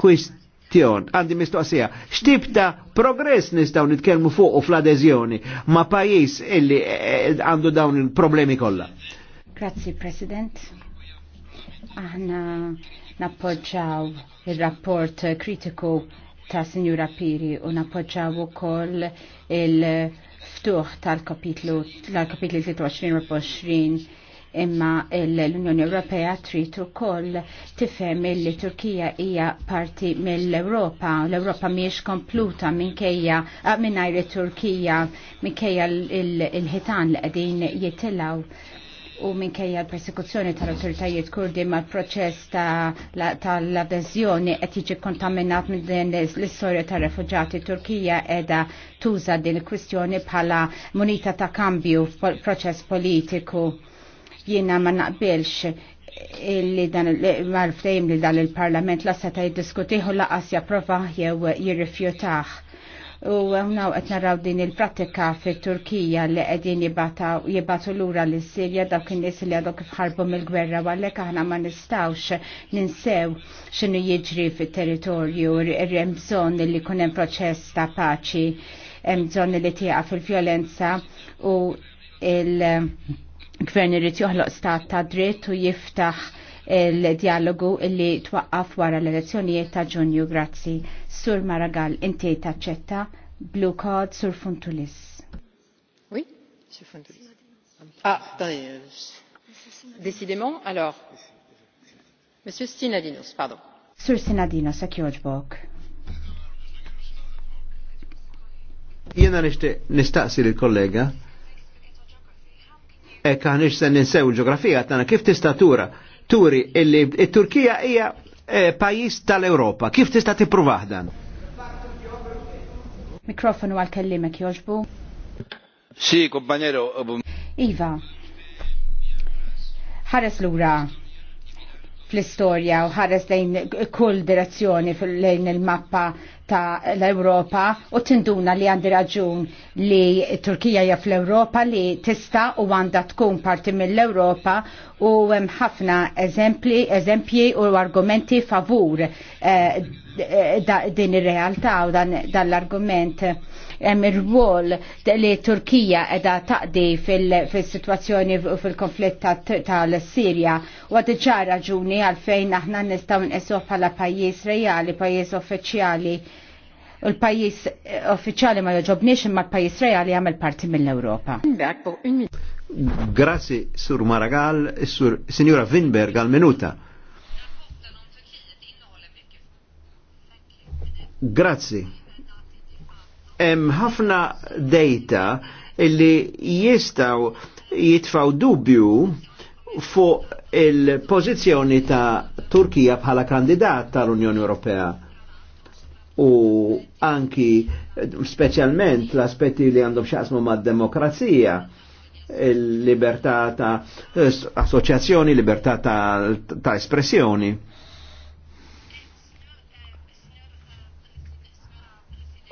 kwistjon, għandi mistoqsija, x'tib ta' progress nistgħu nitkellmu fuq u fl-adeżjoni ma' pajjiż illi eh, għandu dawn il-problemi kollha. Grazzi President. Aħna nappoġġaw il-rapport kritiku ta' Sinjura Piri u napoġġaw ukoll il-ftuħ tal-kapitlu tal-kapitlu 23 imma l-Unjoni Ewropea trid ukoll tifhem li Turkija hija parti mill-Ewropa, l-Ewropa mhijiex kompluta minkejja mingħajr it-Turkija minkejja il-ħitan li qegħdin jitilgħu u minkejja l-persekuzzjoni tal-autoritajiet kurdi ma l-proċess tal-adezjoni qed jiġi kontaminat minn din l-istorja tal-refuġati Turkija edha tuża din il-kwistjoni bħala munita ta' kambju proċess politiku. Jiena ma naqbilx illi dan mal-frejm li dan il-parlament lasa ta' jiddiskutiħu laqas japprova jew jirrifjutaħ U għunaw għet naraw din il-pratika fit turkija li għedin jibatu l-ura l-Sirja dawk n nis li għadok fħarbu mill-gwerra għallek aħna ma nistawx ninsew xinu jiġri fit territorju r-remżon li kunem proċess ta' paċi, remżon li tieqa' fil-violenza u il- Gvern irid joħloq stat ta' dritt u jiftaħ il-dialogu li twaqqaf wara l-elezzjonijiet ta' ġunju. Grazzi. Sur Maragall, inti taċċetta Blue Card Sur Funtulis. Oui, Sur Funtulis. Ah, attendez. Euh, décidément, alors. Monsieur Stinadinos, pardon. Sur Sinadinos, a Kjoġbok. Jena nistaqsi l-kollega, e nix sen ninsew ġografija tana, kif tistatura? tura? turi illi it-Turkija hija eh, pajis tal-Europa. Kif tista' tippruvah dan? Mikrofonu għal-kellimek joġbu. Si, kumpanjero. Iva, ħares lura fl-istorja u ħares lejn kull direzzjoni lejn il-mappa ta' l-Europa u tinduna li għandi raġun li Turkija hija fl-Europa li tista' u għandha tkun parti mill-Europa u hemm ħafna eżempli, eżempji u argumenti favur eh, eh din ir-realtà u dan l-argument hemm ir-rwol li Turkija qiegħda taqdi fil-sitwazzjoni u fil-konflitt tal-Sirja u għad diġà raġuni għalfejn aħna nistgħu nqisuh bħala pajjiż reali, pajjiż uffiċjali. U l-pajis eh, uffiċjali ma joġobniex imma l-pajis reali għamel parti mill-Ewropa. Grazzi, Sur Maragall, Sur Signora Winberg għal-minuta. Grazzi hemm ħafna data illi jistaw jitfaw dubju fuq il-pożizzjoni ta' Turkija bħala kandidat tal-Unjoni Ewropea u anki specialment l-aspetti li għandhom xaqsmu ma' demokrazija il-libertà ta' eh, associazzjoni, libertà ta', ta espressjoni.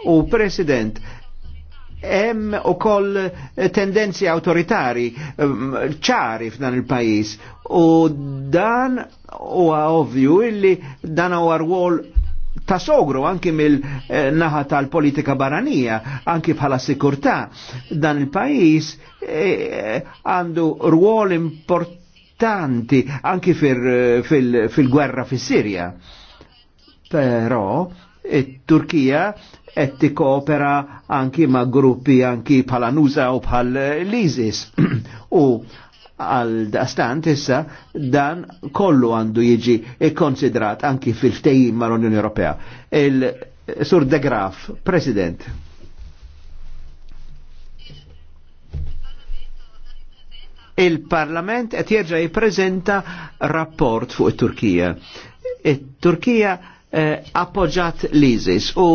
U President, hemm ukoll tendenzi autoritari ehm, ċari f'dan il pajjiż u dan huwa ovvju illi dan huwa rwol ta' sogru anki mill-naħa tal-politika baranija, anki bħala sikurtà. Dan il-pajis e, għandu e, rwol importanti anki fil-gwerra fil, fil, fil sirja Però, it-Turkija e, qed tikkopera anki ma' gruppi anki bħala Nusa u bħal Lizis. [CLEARS THROAT] u għal dastant issa dan kollu għandu jiġi ikkonsidrat anki fil ma' mal unjoni Ewropea. Il-Sur de Graf, President. Il-Parlament qed jerġa' jippreżenta rapport fuq it-Turkija. It-Turkija eh, appoġġat l-ISIS u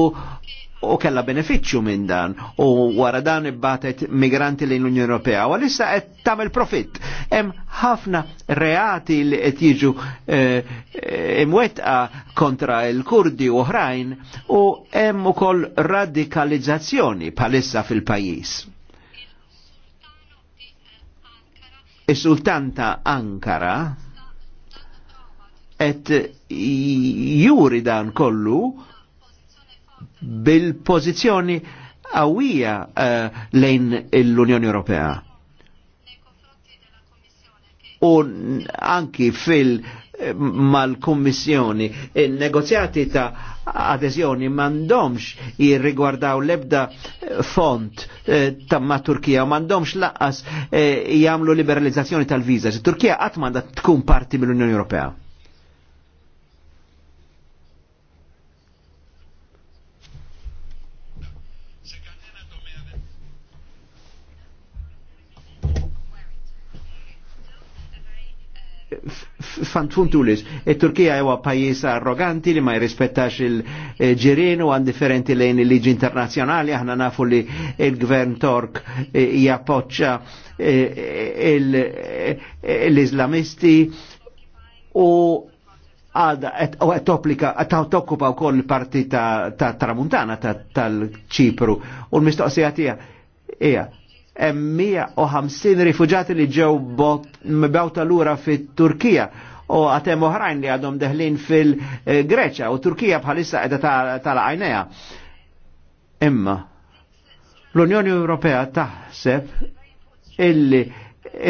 u kella beneficju minn dan u wara dan ibbatet migranti lejn l-Unjoni Ewropea u issa qed tagħmel profitt. Hemm ħafna reati li qed jiġu eh, imwetqa kontra l-Kurdi u oħrajn u hemm ukoll radikalizzazzjoni bħalissa fil-pajjiż. Is-sultanta Ankara et juri dan kollu bil-pozizjoni għawija uh, lejn l-Unjoni Ewropea. U anki fil- eh, mal-Kommissjoni. Il-negozjati eh, ta' adeżjoni mandomx jirrigwardaw lebda font ta' ma' Turkija, mandomx laqqas jamlu liberalizzazzjoni tal-viza. Turkija għatmanda tkun parti mill-Unjoni Ewropea. fantfun tulis. Il-Turkija e huwa pajis arroganti li ma jirrispettax il ġirin u għan differenti lejn il-liġi internazjonali, aħna nafu li il-gvern Tork e, jappoċċa e, l-Islamisti u għada għed topplika għed tokkupa u koll parti ta' tramuntana ta' tal-ċipru u l-mistoqsija tija 150 rifugjati li ġew mbewta lura fit-Turkija u għatem oħrajn li għadhom deħlin fil-Greċa u Turkija bħalissa qiegħda tal-għajnejha. Imma l-Unjoni Ewropea taħseb illi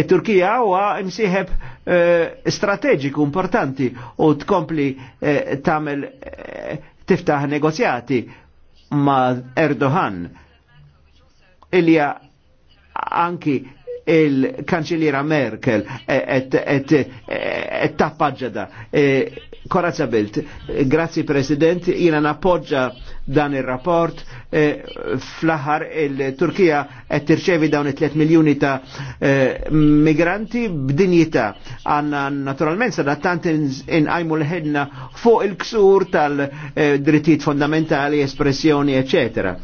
Turkija huwa imsieħeb eh, strateġiku importanti u tkompli eh, tagħmel eh, tiftaħ negozjati ma' Erdogan ilja anki il-kanċiliera Merkel e- et e- tappaġġada. Korazza e, Bilt, grazzi President, jina nappoġġa dan il-rapport, fl-aħħar il-Turkija qed tirċevi dawn it-3 miljuni ta' migranti b'dinjità. Għandna naturalment sa tant inqajmu l-ħedna fuq il-ksur tal-drittijiet fondamentali, espressjoni, eccetera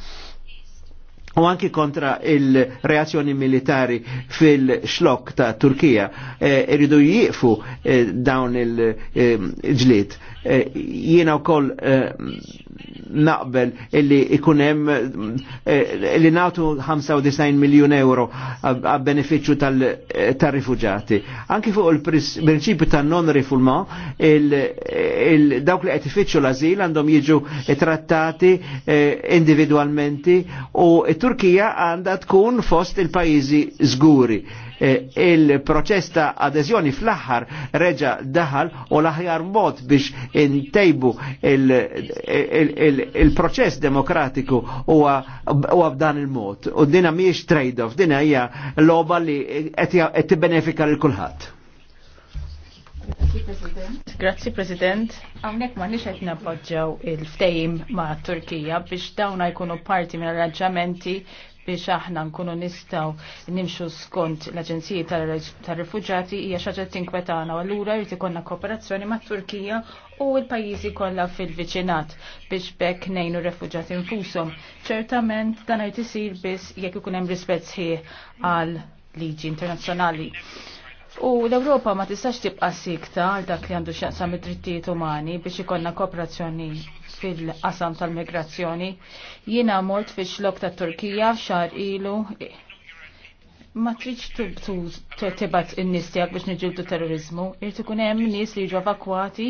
u anki kontra il-reazzjoni militari fil-xlok ta' Turkija. Eh, Irridu e, jieqfu eh, dawn eh, il-ġlit. Eh, jiena u koll eh, naqbel illi ikunem eh, illi natu 95 miljon euro a beneficju tal rifuġati Anki fuq il prinċipi tal non rifulma il dawk li għetificju l-azil għandhom jiġu trattati individualmenti u Turkija għandha tkun fost il pajizi zguri. Eh, il-proċess ta' adeżjoni fl-aħħar reġa daħal u l-aħjar mod biex intejbu il-proċess demokratiku u għabdan il-mod. U dina miex trade-off, dina hija loba li qed tibbenefika lil kulħadd. Grazzi President. Għawnek ma nix għetna il-ftejim ma' Turkija biex dawna jkunu parti minn arranġamenti biex aħna nkunu nistaw nimxu skont l-Aġenziji tal-Rifuġati hija xaġa tinkwetana u allura jrid ikollna kooperazzjoni ma' Turkija u l-pajjiżi kollha fil-viċinat biex bekk ngħinu refuġati infushom. Ċertament dan qed isir biss jekk ikun hemm rispett sħiħ għal liġi internazzjonali. U l-Ewropa ma tistax tibqa' sikta għal dak li għandu x'jaqsam id-drittijiet umani biex ikollna kooperazzjoni fil-qasam tal-migrazzjoni. Jina mort fi xlok ta' Turkija xar ilu ma tridx tibat in nistijak biex niġildu terrorizmu, irid ikun hemm nies li jiġu evakwati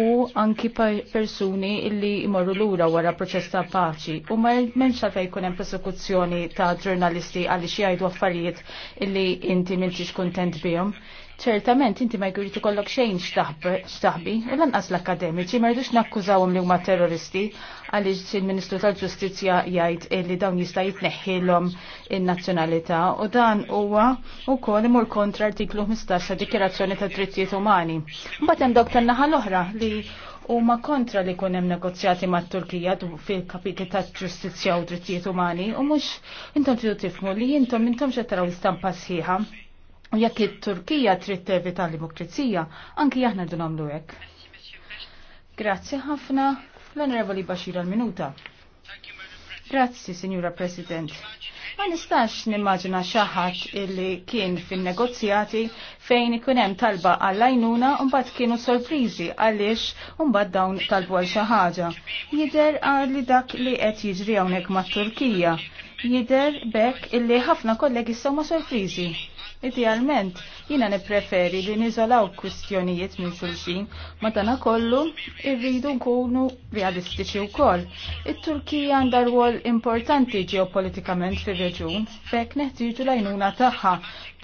u anki persuni illi imorru lura wara proċess ta' paċi. U ma menx għalfej kun hemm persekuzzjoni ta' ġurnalisti għalli xie jgħidu affarijiet illi inti m'intix kuntent bihom ċertament inti ma jgħu ikollok xejn xtaħbi, u lanqas l-akademiċi ma rridux nakkużawhom li huma terroristi għaliex il-Ministru tal-Ġustizzja jgħid li dawn jista' jitneħħilhom in-nazzjonalità u dan huwa wkoll imur kontra artiklu 15 ta' Dikjerazzjoni ta' Drittijiet Umani. Mbagħad hemm dawk tan-naħa l-oħra li huma kontra li kunem hemm negozjati mat-Turkija fil-kapitli ta' ġustizzja u drittijiet umani u mhux intom tridu tifmu li intom intom x'a taraw l-istampa sħiħa U jekk it-Turkija trid tevita l-demokrazija, anki aħna dun nagħmlu hekk. Grazzi ħafna l-Onorevoli Bashir għal-minuta. Grazzi, Signora President. Ma nistax nimmaġina xaħat illi kien fin-negozjati fejn ikun hemm talba għall-għajnuna u mbagħad kienu sorpriżi għaliex mbagħad dawn talbu għal xi ħaġa. Jidher li dak li qed jiġri hawnhekk mat-Turkija. Jidher bekk illi ħafna kollegi sew ma' sorpriżi Idealment, jina nipreferi li nizolaw kwistjonijiet minn xulxin, ma dana kollu irridu nkunu realistiċi u koll. Il-Turkija għandha rwol importanti ġeopolitikament fir-reġun, fek neħtieġu lajnuna tagħha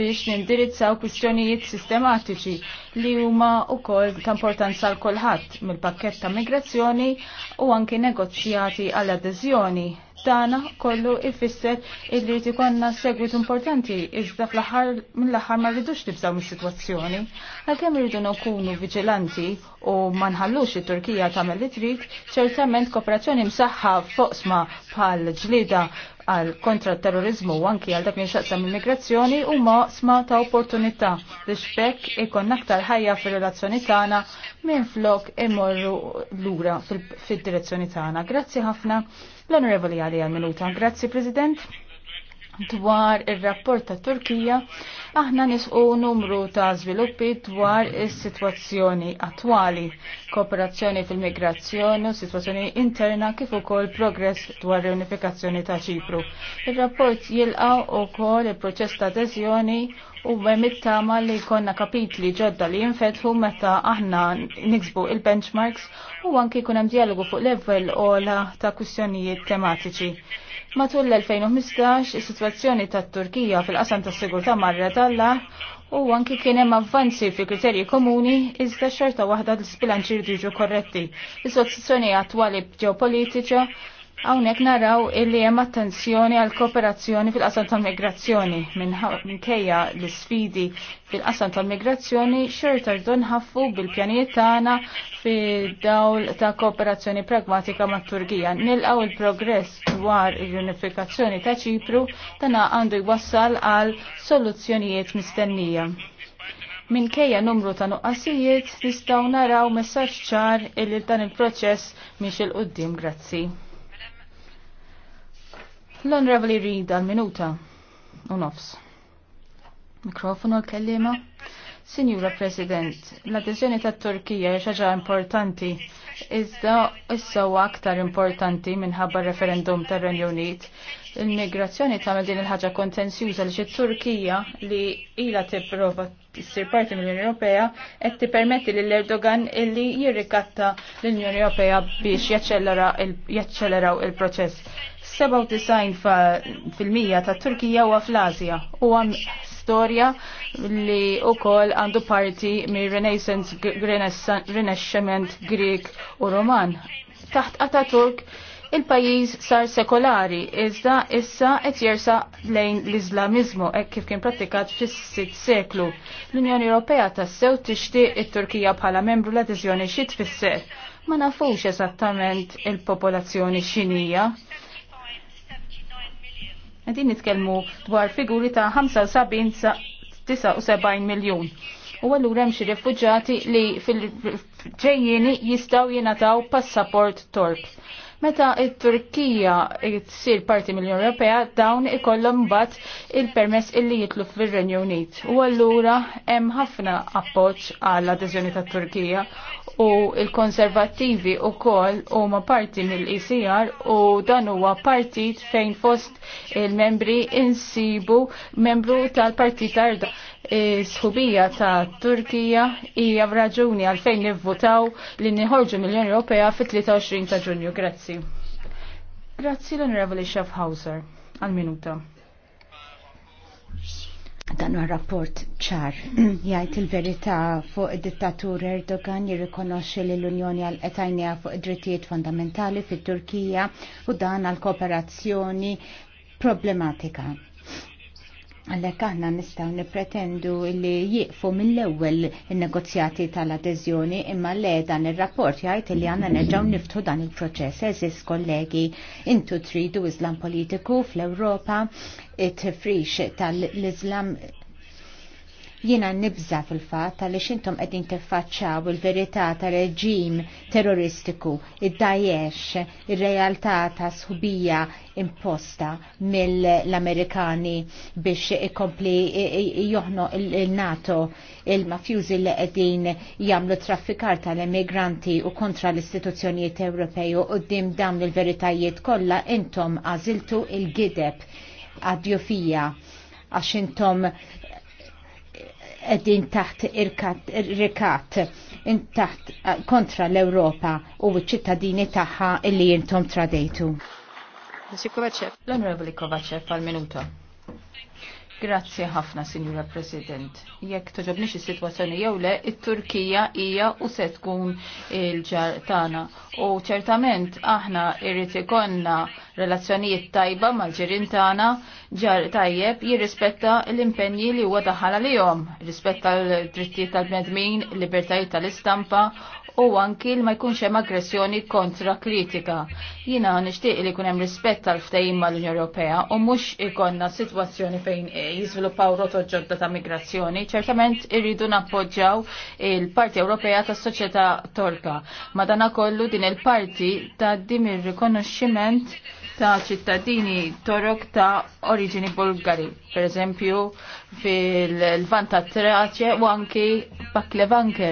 biex nindirizzaw kwistjonijiet sistematiċi li huma wkoll ta' importanza għal kulħadd mill-pakkett ta' migrazzjoni u anki negozjati għall adezjoni Tana kollu ifisser illi ti konna segwit importanti iżda fl-aħħar mill-aħħar ma rridux nibżaw mis-sitwazzjoni. Għalkemm irridu nkunu viġilanti u ma nħallux it-Turkija tagħmel li trid, ċertament kooperazzjoni msaħħa foqsma bħal ġlida għal kontra terrorizmu u anki għal dak li mill immigrazzjoni u ma sma ta' opportunità li xbek ikon aktar ħajja fil-relazzjoni tagħna minn flok imorru lura fil-direzzjoni tagħna. Grazzi ħafna L-Onorevoli għalija minuta. Grazzi, President dwar ir-rapport ta' Turkija, aħna nisqu numru ta' żviluppi dwar is-sitwazzjoni attwali, kooperazzjoni fil-migrazzjoni, sitwazzjoni interna kif ukoll progress dwar reunifikazzjoni ta' Ċipru. Ir-rapport jilqa' ukoll il-proċess ta' adeżjoni u mittama li konna kapitli ġodda li jinfetħu meta aħna niksbu il-benchmarks u anki kunem dialogu fuq level ola ta' kwistjonijiet tematiċi. Matul l-2015 is-sitwazzjoni tat-Turkija fil-qasam tas-sigurtà marra tal u anki kien hemm avvanzi fi kriterji komuni iżda xorta waħda l-sbilanċi jridu korretti. Is-sitwazzjoni attwali ġeopolitiċa Hawnhekk naraw illi hemm attenzjoni għal kooperazzjoni fil-qasam tal-migrazzjoni minkejja l-isfidi fil-qasam tal-migrazzjoni xorta donħaffu bil-pjanijiet tagħna fid-dawl ta' kooperazzjoni pragmatika mat turgija Nilqgħu il-progress dwar il-unifikazzjoni ta' Ċipru tana għandu jwassal għal soluzzjonijiet mistennija. Minkejja numru ta' nuqqasijiet nistgħu naraw messaġġ ċar illi dan il-proċess miex il-qudiem grazzi. L-Onorevoli Reid għal-minuta u nofs. Mikrofonu l-kellima. Signora President, l-adesjoni ta' Turkija xaġa importanti, iżda issa u aktar importanti minħabba referendum ta' Renju Unit. Il-migrazzjoni ta' din il-ħagġa kontenzjuża li xi Turkija li ila tipprova jissir parti mill-Unjoni Ewropea qed tippermetti lil Erdogan illi jirrikatta l-Unjoni Ewropea biex jaċċeleraw il-proċess. 97% ta' Turkija huwa fl-Asja u għam storja li u kol għandu parti mir Renaissance, Renaissance Greek u Roman. Taħt Ataturk Turk il-pajjiż sar sekolari, iżda issa qed jersa lejn l-Iżlamiżmu hekk kif kien pratikat fis-sitt seklu. L-Unjoni Ewropea tassew tixtieq it-Turkija bħala membru l-adeżjoni fis tfisser. Ma nafux eżattament il-popolazzjoni x'inija. Għedin nitkellmu dwar figuri ta' 75 79 miljon. U għallura hemm xi rifuġġati li fil-ġejjieni jistgħu jingħataw passaport torb. Meta il turkija tsir parti mill-Unjoni Ewropea dawn ikollhom mbagħad il-permess illi jitlu fir-Renju Unit. U allura hemm ħafna appoġġ għall adeżjoni tat-Turkija u il konservattivi u huma u ma parti mill-ECR u dan huwa partit fejn fost il-membri insibu membru tal-partit tarda sħubija ta' Turkija hija raġuni għalfejn nivvutaw li nħorġu mill-Unjoni Ewropea fit-23 ta' Ġunju. Grazzi. Grazzi l-Onorevoli Schaffhauser għal-minuta. Dan u rapport ċar [CLEARS THROAT] jgħid il-verità fuq id-dittatur Erdogan jirrikonoxxi li l-Unjoni għal etajnija fuq id-drittijiet fondamentali fit-Turkija u dan għal kooperazzjoni problematika Għallek aħna nistaw nipretendu li jiqfu mill-ewwel il-negozjati tal-adeżjoni imma le dan ir-rapport jgħid li għandna nerġgħu niftu dan il-proċess. Eżis kollegi, intu tridu Islam politiku fl-Ewropa, it-tifrix tal-Islam Jiena nibza fil-fat tal intom qegħdin tiffaċċaw il-verità ta' reġim terroristiku, id-Daesh, ir-realtà ta' sħubija imposta mill-Amerikani biex ikompli joħno il-NATO il-mafjużi li qegħdin jagħmlu traffikar tal-emigranti u kontra l-istituzzjonijiet Ewropej u qudiem dawn il-veritajiet kollha intom għażiltu il-gideb għadjufija għax intom din taħt ir-rikat taħt kontra l-Europa u ċittadini taħħa illi jintom tradejtu. l honorable Kovacev għal minuta. Grazzi ħafna, Signora President. Jekk toġobniex is-sitwazzjoni jew le, it-Turkija hija u se tkun il-ġar tagħna. U ċertament aħna irrid ikonna relazzjonijiet tajba mal-ġirien tagħna, ġar tajjeb jirrispetta l-impenji li huwa daħal għalihom, rispetta l-drittijiet tal-bnedmin, libertajiet tal-istampa u anki li ma jkunx hemm aggressjoni kontra kritika. Jiena nixtieq li jkun hemm rispett tal-ftehim mal-Unjoni Ewropea u mhux ikonna sitwazzjoni fejn eh, jiżviluppaw rotot ġodda ta' migrazzjoni. Ċertament irridu nappoġġjaw il-Parti Ewropea tas-Soċjetà Torka. Madanakollu din il-parti ta' dim ir-rikonoxximent ta' ċittadini torok ta' oriġini bulgari, per eżempju fil-Lvant ta' Traċe u anki Paklevanke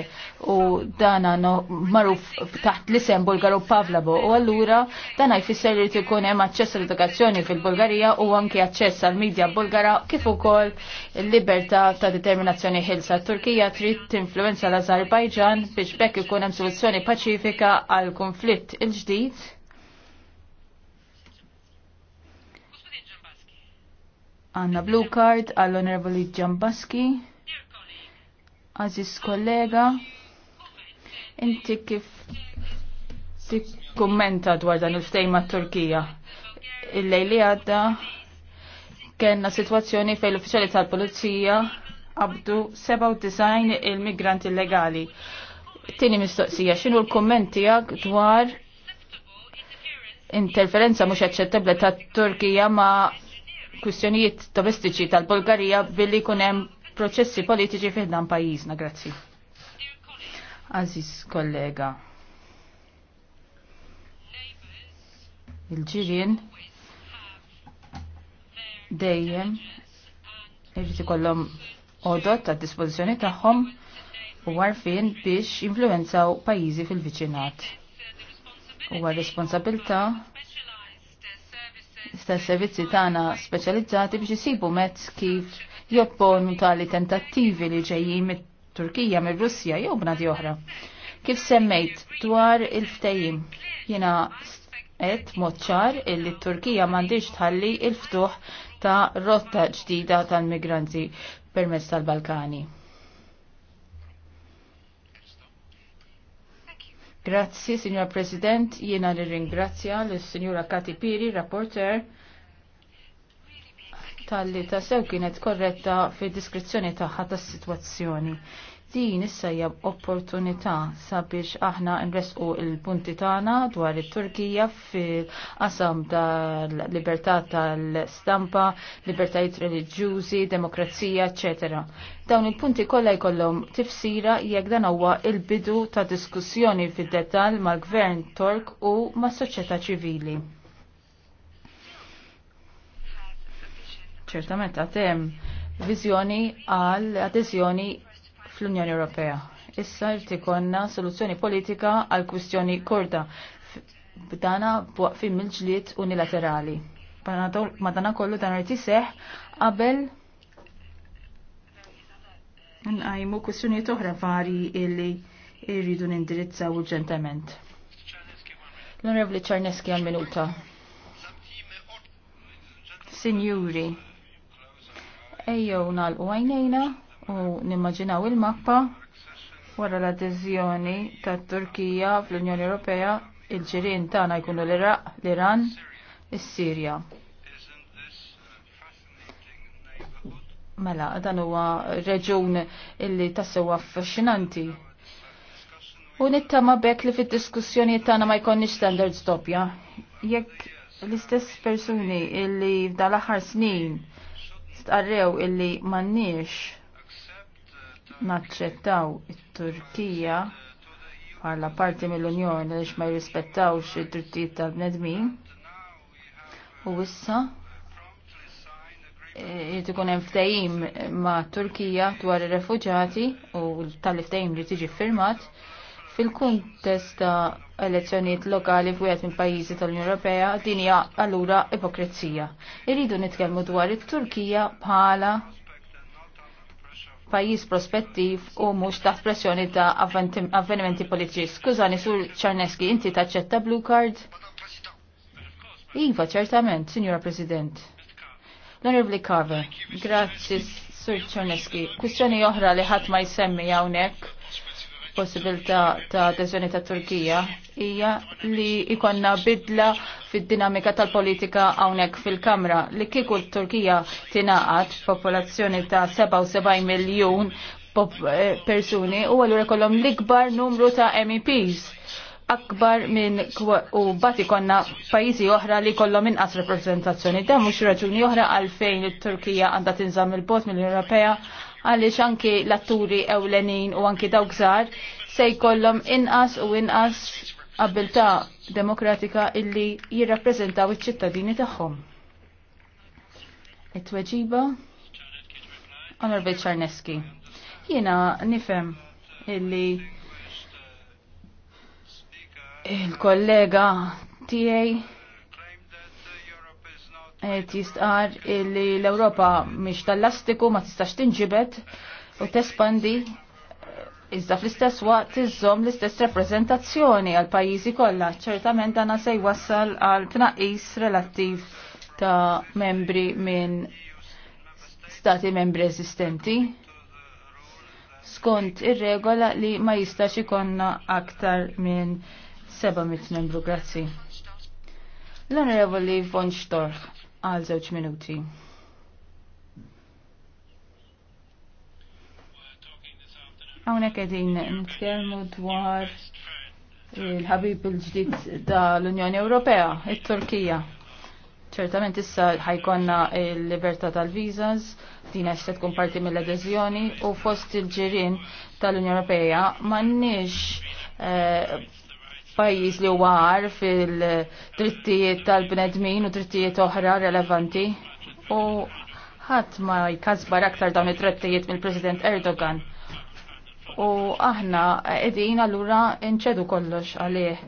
u dan no, maruf taħt l-isem Bulgaru Pavlabo u allura dana jfisser li tkun hemm aċċess edukazzjoni fil-Bulgarija u anki aċċess għal midja Bulgara kif ukoll libertà ta' determinazzjoni ħilsa. Turkija trid tinfluenza l-Azerbajġan biex bekk ikun hemm soluzzjoni paċifika għal konflitt il-ġdid Anna blue card għall-Onorevoli Ġambaski. Aziz kollega, inti kif tikkummenta dwar dan il-ftejma Turkija. Il-lejli għadda kena situazzjoni fej l uffiċali tal-Polizija għabdu 97 il-migranti illegali. Tini mistoqsija, xinu l-kommenti għag dwar interferenza mux aċċettabli ta' Turkija ma' kwistjonijiet domestiċi tal-Bulgarija billi kunem proċessi politiċi fiħdan pajjiżna. Grazzi. Aziz kollega. Il-ġirien dejjem irrid ikollhom odot ta' dispożizzjoni tagħhom u għarfien biex influenzaw pajjiżi fil-viċinat. Huwa responsabilta' stess servizzi tagħna speċjalizzati biex isibu mezz kif jopponu tali tentattivi li ġejjin mit-Turkija, mir-Russja jew bnadi oħra. Kif semmejt dwar il-ftejim, jiena qed mod ċar illi t-Turkija m'għandix tħalli il-ftuħ ta' rotta ġdida tal-migranti permezz tal-Balkani. Grazzi, Signor President, jiena li ringrazzja l-Signora Kati Piri, rapporter, tal-li ta' sew kienet korretta fi diskrizzjoni tagħha tas-sitwazzjoni din issa hija opportunità sabiex aħna nresqu il-punti tagħna dwar it-Turkija fil-qasam tal-libertà tal-stampa, libertajiet reliġjużi, demokrazija, eċetera. Dawn il-punti kollha jkollhom tifsira jekk dan huwa il-bidu ta' diskussjoni fid-dettall mal-Gvern Tork u mas-soċjetà ċivili. Ċertament għatem viżjoni għal adeżjoni fl-Unjoni Ewropea. Issa rrid konna soluzzjoni politika għal kwistjoni korda b'dana b'waqfim il-ġlied unilaterali. Madana kollu dan rrid seħ qabel nqajmu kwistjonijiet oħra vari illi irridu u ġentament. L-Onorevoli Czarneski għal minuta. Sinjuri, ejjow nalqu għajnejna u nimmaġinaw il-mappa wara l-adeżjoni tat Turkija fl-Unjoni Ewropea il-ġirien tagħna jkunu l-Iraq, l-Iran, is-Sirja. Mela, dan huwa reġun illi tassew affaxxinanti. U nittama bekk li fid-diskussjoni tagħna ma jkollniex standards doppja. Jekk l-istess persuni illi fdal l-aħħar snin stqarrew illi m'għandniex naċċettaw it-Turkija bħala parti mill-Unjoni għaliex ma jirrispettawx id-drittijiet tal-bnedmin. U issa e, jrid ikun hemm ftehim ma' Turkija dwar ir refuġjati u tal-ftehim li tiġi firmat fil-kuntest ta' elezzjonijiet lokali f'wieħed minn pajjiżi tal-Unjoni Ewropea din hija allura ipokrezija. Irridu nitkellmu dwar it-Turkija bħala pajjiż prospettiv u mhux taħt pressjoni ta' avvenimenti politiċi. Skużani sur Czarneski, inti taċċetta blue card? Iva, ċertament, Signora President. L-Honorable Carver, grazzi Sur Czarneski. Kwistjoni oħra li ħadd ma jsemmi hawnhekk possibilità ta' adesjoni ta' Turkija hija li ikonna bidla fid-dinamika tal-politika hawnhekk fil-Kamra li kieku turkija tingħaqad popolazzjoni ta' 77 miljun eh, persuni u għallura kollhom l-ikbar numru ta' MEPs akbar minn u bat ikonna pajizi oħra li minn inqas reprezentazzjoni. Da mhux raġuni oħra għalfejn it-Turkija għandha tinżamm il-bot mill europea għaliex anki l-atturi ewlenin u anki dawk żgħar se jkollhom inqas u inqas abilta demokratika illi jirrappreżentaw iċ-ċittadini tagħhom. It-tweġiba Onorbe Czarneski. Jiena nifhem illi il-kollega tiegħi jistqar li l-Ewropa mhix tal-lastiku ma tistax tinġibet u tespandi eh, iżda fl-istess waqt iżżomm l-istess rappreżentazzjoni għal pajjiżi kollha. Ċertament dan se jwassal għal tnaqqis relattiv ta' membri minn stati membri eżistenti skont ir-regola li ma jistax ikonna aktar minn 700 membru. Grazzi. L-Onorevoli von Storch għal żewġ minuti. Hawnhekk qegħdin nitkellmu dwar il-ħabib il-ġdid ta' l-Unjoni Ewropea, it-Turkija. Ċertament issa ħajkonna l-libertà tal-vizas, din għax tkun parti mill-adeżjoni u fost il-ġirien tal-Unjoni Ewropea m'għandniex eh, pajjiż li huwa għar fil-drittijiet tal-bnedmin u drittijiet oħra relevanti. U ħadd ma jkasbar aktar dawn it-drittijiet mill-President Erdogan. U aħna qegħdin allura nċedu kollox għalih.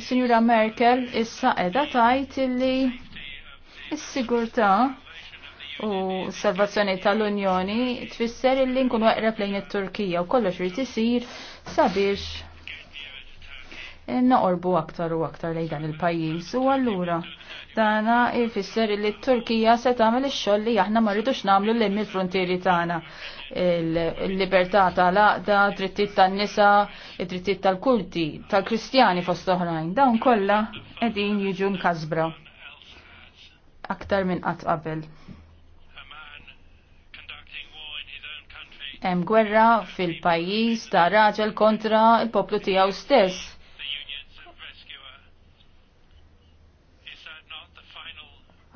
Is-Sinjura Merkel issa qiegħda tgħid illi is-sigurtà u s-salvazzjoni tal-Unjoni tfisser illi nkunu eqreb lejn it-Turkija u kollox irid isir sabiex Naqorbu aktar u aktar lejn dan il-pajjiż u allura dana jfisser li t-Turkija se tagħmel ix-xogħol li aħna ma rridux nagħmlu lejn il frontieri tagħna. Il-libertà tal-aqda, drittijiet tan-nisa, id-drittijiet tal-kulti, tal-Kristjani fost oħrajn, dawn kollha qegħdin jiġu mkasbra. Aktar minn qatt qabel. Hemm gwerra fil-pajjiż ta' raġel kontra l-poplu tiegħu stess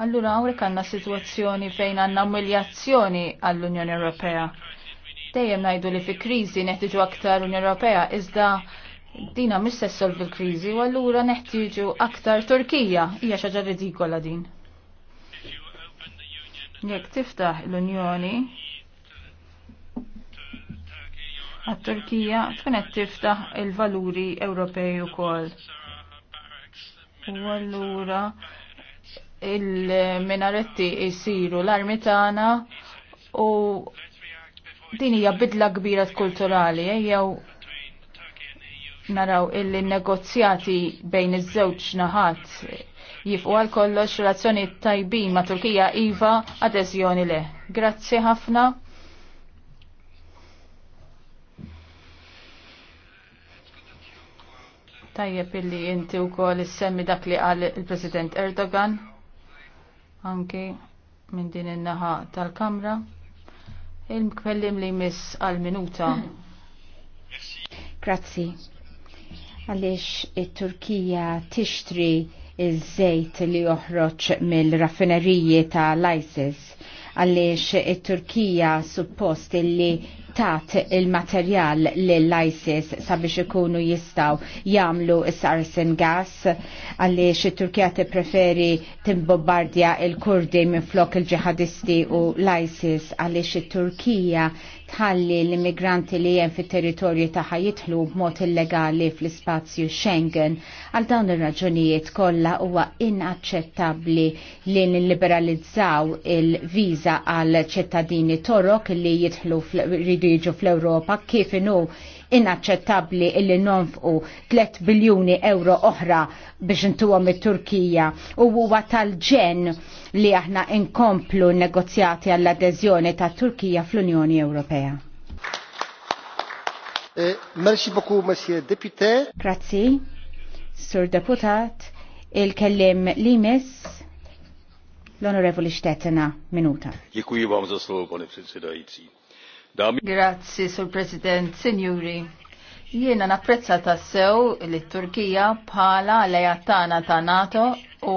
Allura għawrek għanna situazzjoni fejn għanna umiljazzjoni għall-Unjoni Ewropea. Dejjem najdu li fi krizi neħtiġu aktar Unjoni Ewropea, iżda dina mis se solvi l-krizi, u allura neħtiġu aktar Turkija, hija xaġa ridikola din. Jekk tiftaħ l-Unjoni għat-Turkija tkun qed tiftaħ il-valuri Ewropej ukoll. U allura il-minaretti jisiru l-armi tagħna u din hija bidla kbira kulturali jew naraw illi negozjati bejn iż-żewġ naħat jifqu għal kollox relazzjoni tajbin ma' Turkija iva adeżjoni le. Grazzi ħafna. Tajjeb illi inti wkoll issemmi dak li qal il-President Erdogan anki minn din in-naħa tal-kamra. Il-mkellim li miss għal-minuta. Grazzi. Għalix it-Turkija tixtri il-żejt li joħroġ mill-raffineriji ta' l-ISIS għalix it-Turkija suppost li tat il-materjal l-ISIS sabiex ikunu jistaw jamlu s-sarsin gas għalli turkija preferi timbombardja il-Kurdi minn flok il-ġihadisti u l-ISIS għalli turkija tħalli l-immigranti li jen fit territorju taħħa jitħlu b'mod illegali fl-ispazju Schengen. Għal dawn ir-raġunijiet kollha huwa inaċċettabbli li nilliberalizzaw il-viża għal ċittadini torok li jitħlu ridu fl-Ewropa kif inhu inaċċettabbli illi nonfqu 3 biljuni euro oħra biex intuhom it-Turkija u huwa tal-ġen li aħna inkomplu negozjati għall-adeżjoni tat Turkija fl-Unjoni Ewropea. Eh, merci beaucoup, Monsieur député. Grazzi, Sur Deputat, il-kellim Limes l-Onorevoli Stettina, minuta. Jekku za slovo, pane predsedajci. Grazzi, Sur President, Signori. Jiena napprezza tassew li Turkija bħala lejatana ta' NATO u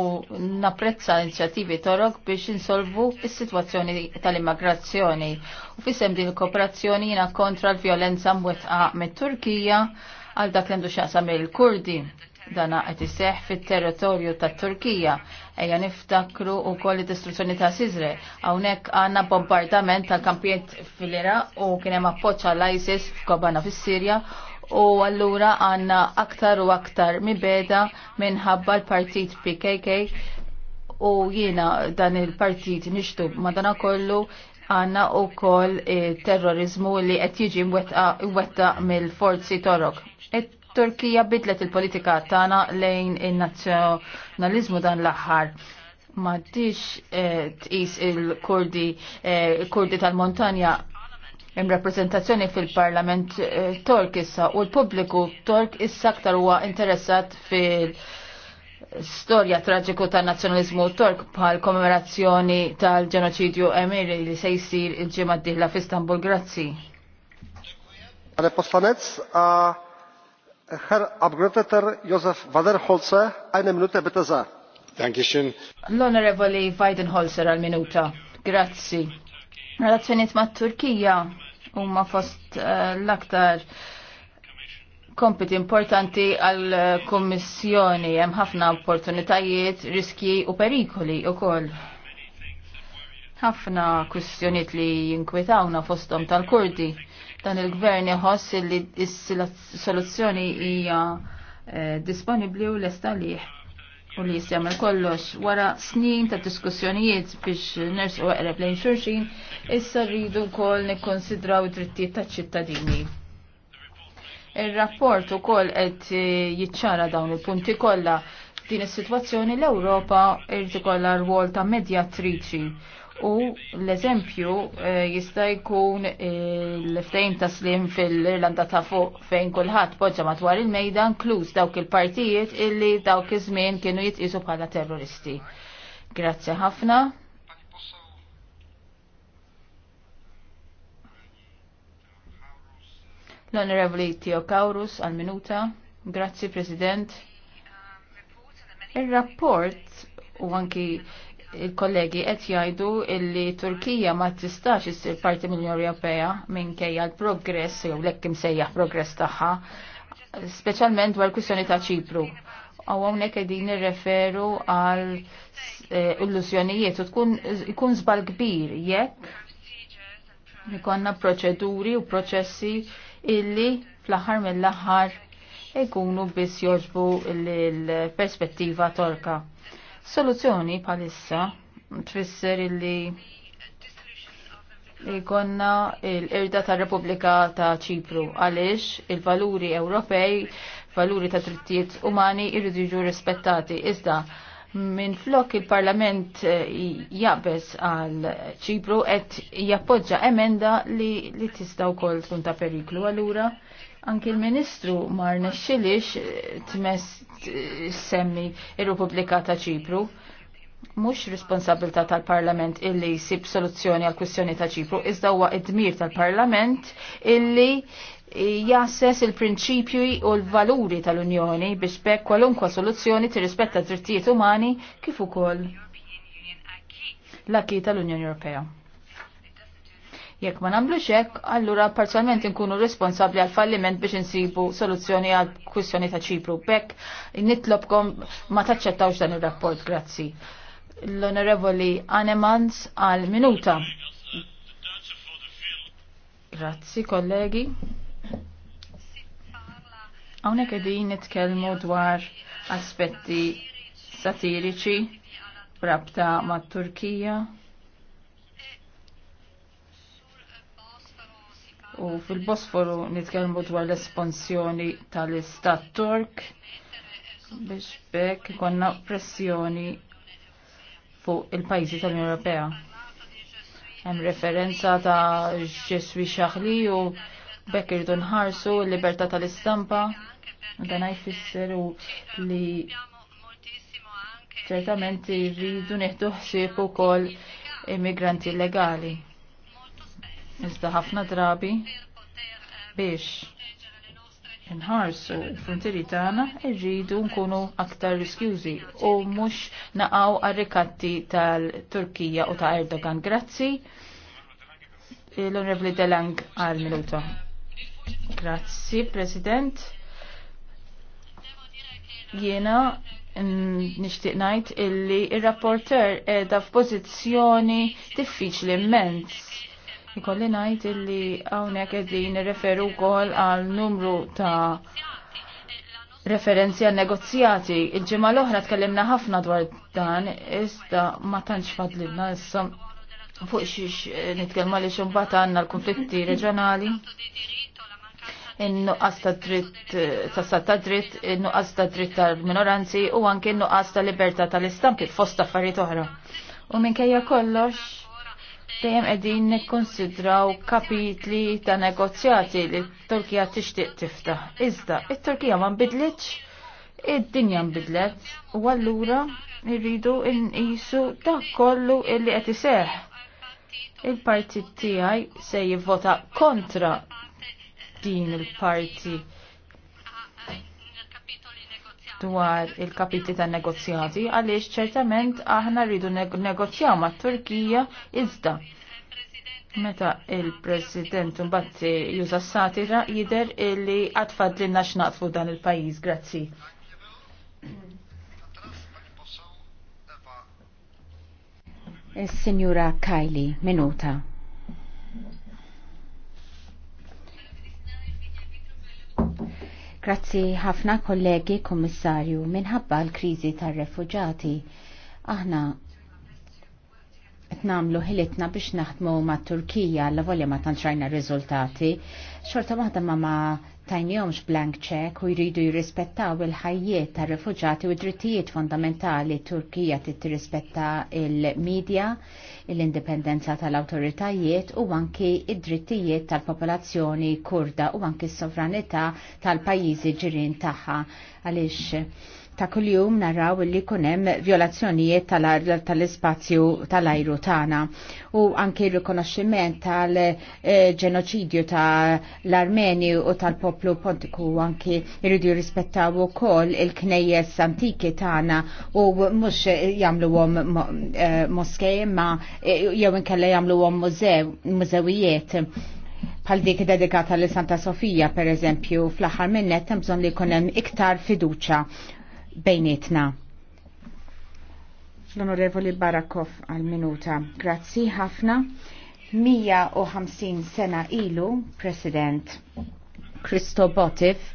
napprezza inizjattivi torok biex insolvu is-sitwazzjoni tal-immigrazzjoni. U fissem din kooperazzjoni jiena kontra l-violenza mwetqa mit-Turkija għal dak l-endu xaqsam il-Kurdi dana qed iseħħ fit-territorju tat-Turkija. Ejja niftakru wkoll id-distruzzjoni ta' Sizre. Hawnhekk għandna bombardament tal-kampijiet fil ira u kien hemm l isis f'Kobana fis-Sirja u allura għandna aktar u aktar mibeda minħabba l-partit PKK u jiena dan il-partit nixtub madana kollu għanna u koll terrorizmu li qed jiġi mwetta mill-forzi torok. Et Turkija bidlet il-politika tagħna lejn in-nazzjonaliżmu dan l-aħħar. Ma tix eh, tqis il-Kurdi eh, kurdi tal-Montanja hemm rappreżentazzjoni fil-Parlament eh, Tork issa u l-pubbliku Tork issa aktar huwa interessat fil- storja traġiku ta' nazjonalizmu tork bħal kommemorazzjoni tal-ġenoċidju emiri li se jsir il-ġimgħa d-dieħla f'Istanbul. Grazzi l-onorevoli weidenholzer għal minuta grazzi relazzjoniet ma' turkija huma fost eh, l-aktar kompiti importanti għal kommissjoni hemm ħafna opportunitajiet, riskji u perikoli ukoll. Ħafna kwistjoniet li jinkwetawna fosthom tal-Kurdi Dan il-gvern jħoss li s-soluzzjoni hija eh, disponibli u l-estalih u li jistjamil kollox wara snin ta' diskussjonijiet biex nersu u għeqreb lejn xurxin, issa rridu kol nikkonsidraw drittijiet ta' ċittadini. Il-rapport u kol għed eh, jitċara dawn il-punti kolla din is-sitwazzjoni l-Ewropa irġi r rwol ta' medja triċi u l-eżempju eh, jista' jkun eh, l-ftejn ta' slim fil-Irlanda ta' fuq fejn kulħadd poġġa matwar il-mejda nkluż dawk il-partijiet illi dawk iż-żmien kienu jitqisu bħala terroristi. Grazzi ħafna. L-Onorevoli Tio Kaurus għal-minuta. Grazzi, President. Il-rapport u anki il-kollegi qed jgħidu li Turkija ma tistax issir parti mill-Unjoni Ewropea minkejja l-progress jew lekk imsejjaħ progress tagħha, speċjalment dwar kwistjoni ta' Ċipru. U hawnhekk qegħdin nirreferu għal eh, illużjonijiet u tkun ikun żball kbir jekk ikonna proċeduri u proċessi illi fl-aħħar mill-aħħar ikunu biss jogħġbu l-perspettiva torka. Soluzzjoni palissa tfisser illi Ikonna l-irda ta' Repubblika ta' Ċipru għaliex il-valuri Ewropej, valuri ta' drittijiet umani irridu jiġu rispettati. Iżda minn flok il-Parlament eh, jaqbes għal Ċipru qed jappoġġa emenda li, li tista' wkoll tkun ta' periklu allura Anki l-Ministru xilix eh, t-mess eh, semmi il-Republika ta' Ċipru mhux responsabilità tal-Parlament illi jisib soluzzjoni għal kwistjoni ta' Ċipru, iżda huwa id-dmir tal-Parlament illi jasses il-prinċipju u l-valuri tal-Unjoni biex bekk kwalunkwa soluzzjoni tirrispetta drittijiet umani kif ukoll l-akki tal-Unjoni Ewropea. Jekk ma nagħmlux hekk, allura parzjalment inkunu responsabbli għal falliment biex insibu soluzzjoni għal kwistjoni ta' Ċipru. Bekk nitlobkom ma taċċettawx dan ir-rapport, grazzi. L-Onorevoli Anemans għal minuta. Grazzi, kollegi. Hawnhekk qegħdin nitkellmu dwar aspetti satiriċi rabta mat-Turkija. u fil-Bosforu nitkellmu dwar l-espansjoni tal-Istat Tork biex bekk ikonna pressjoni fuq il-pajjiżi tal-Unjoni Ewropea. Hemm referenza ta' ġeswi xaħli u bekk irridu nħarsu l-libertà tal-istampa dan jfisser u li ċertament irridu neħdu ħsieb ukoll immigranti illegali. Iżda ħafna drabi biex nħarsu l-frontieri tagħna irridu nkunu aktar riskjużi u mhux naqgħu għar-rikatti tal-Turkija u ta' Erdogan. Grazzi l-Onorevoli Delang għal minuta. Grazzi, President. Jena nishtiq najt illi il-rapporter edha f'pożizzjoni diffiċli immens Ikolli najt illi hawnhekk eddin referu wkoll għal numru ta' referenzi għal negozjati. Il-ġimgħa l-oħra tkellimna ħafna dwar dan, iżda ma tantx fadlilna issa fuq xiex nitkellmu li xumbat għandna l-konflitti reġjonali. In-nuqqas ta' dritt ta' dritt, in-nuqqas ta' dritt tal-minoranzi u anke in-nuqqas ta' libertà tal-istampi fost affarijiet oħra. U minkejja kollox, dejjem qegħdin nikkonsidraw kapitli ta' negozjati li t-Turkija tixtieq tiftaħ. Iżda, it-Turkija ma nbidlitx, id-dinja nbidlet u allura irridu nqisu dak kollu illi qed iseħħ. Il-partit tiegħi se jivvota kontra din il-parti dwar il-kapitli ta' negozjati għaliex ċertament aħna rridu neg negozjaw ma' Turkija iżda Meta il-President mbagħad juża s-satira jidher illi għatfad li naqfu dan il-pajjiż, grazzi. Signora Kylie, minuta. Grazzi ħafna kollegi, kommissarju, minħabba l-krizi tar-refuġati. Aħna namlu ħilitna biex naħdmu ma' Turkija la volja ma' tantrajna rizultati. Xorta waħda ma' ma' tajnjomx blank check u jridu jirrispettaw il-ħajjiet ta' refugjati u drittijiet fondamentali Turkija tirrispetta il-medja, l-indipendenza tal-autoritajiet u anki id-drittijiet tal-popolazzjoni kurda u anki s-sovranità tal-pajjiżi ġirin tagħha għaliex ta' kuljum naraw li kunem violazzjonijiet tal-spazju tal-ajru tana u anki rikonoxximent tal-ġenoċidju eh, tal-Armeni u tal-poplu pontiku anke anki irridu jirrispettaw u kol il-knejjes antiki tana u mux jamlu għom eh, moskej ma eh, jew inkella jamlu għom mużewijiet bħal dik dedikata li Santa Sofija per eżempju fl-aħħar minnet hemm bżonn li jkun hemm iktar fiduċa bejnietna. L-Onorevoli Barakov għal-minuta. Grazzi ħafna. 150 sena ilu, President Kristo Botif,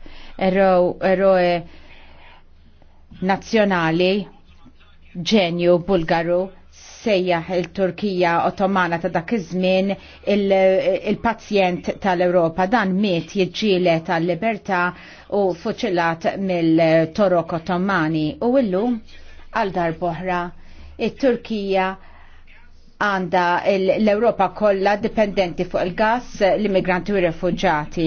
eroe nazzjonali, ġenju bulgaru, sejjaħ il-Turkija Ottomana ta' dak iż-żmien il-pazjent il tal-Ewropa dan miet jiġġielet tal-libertà u fuċilat mill-Torok Ottomani u illum għal oħra it-Turkija għanda l-Europa kollha dipendenti fuq il-gas l-immigranti u rifugġati.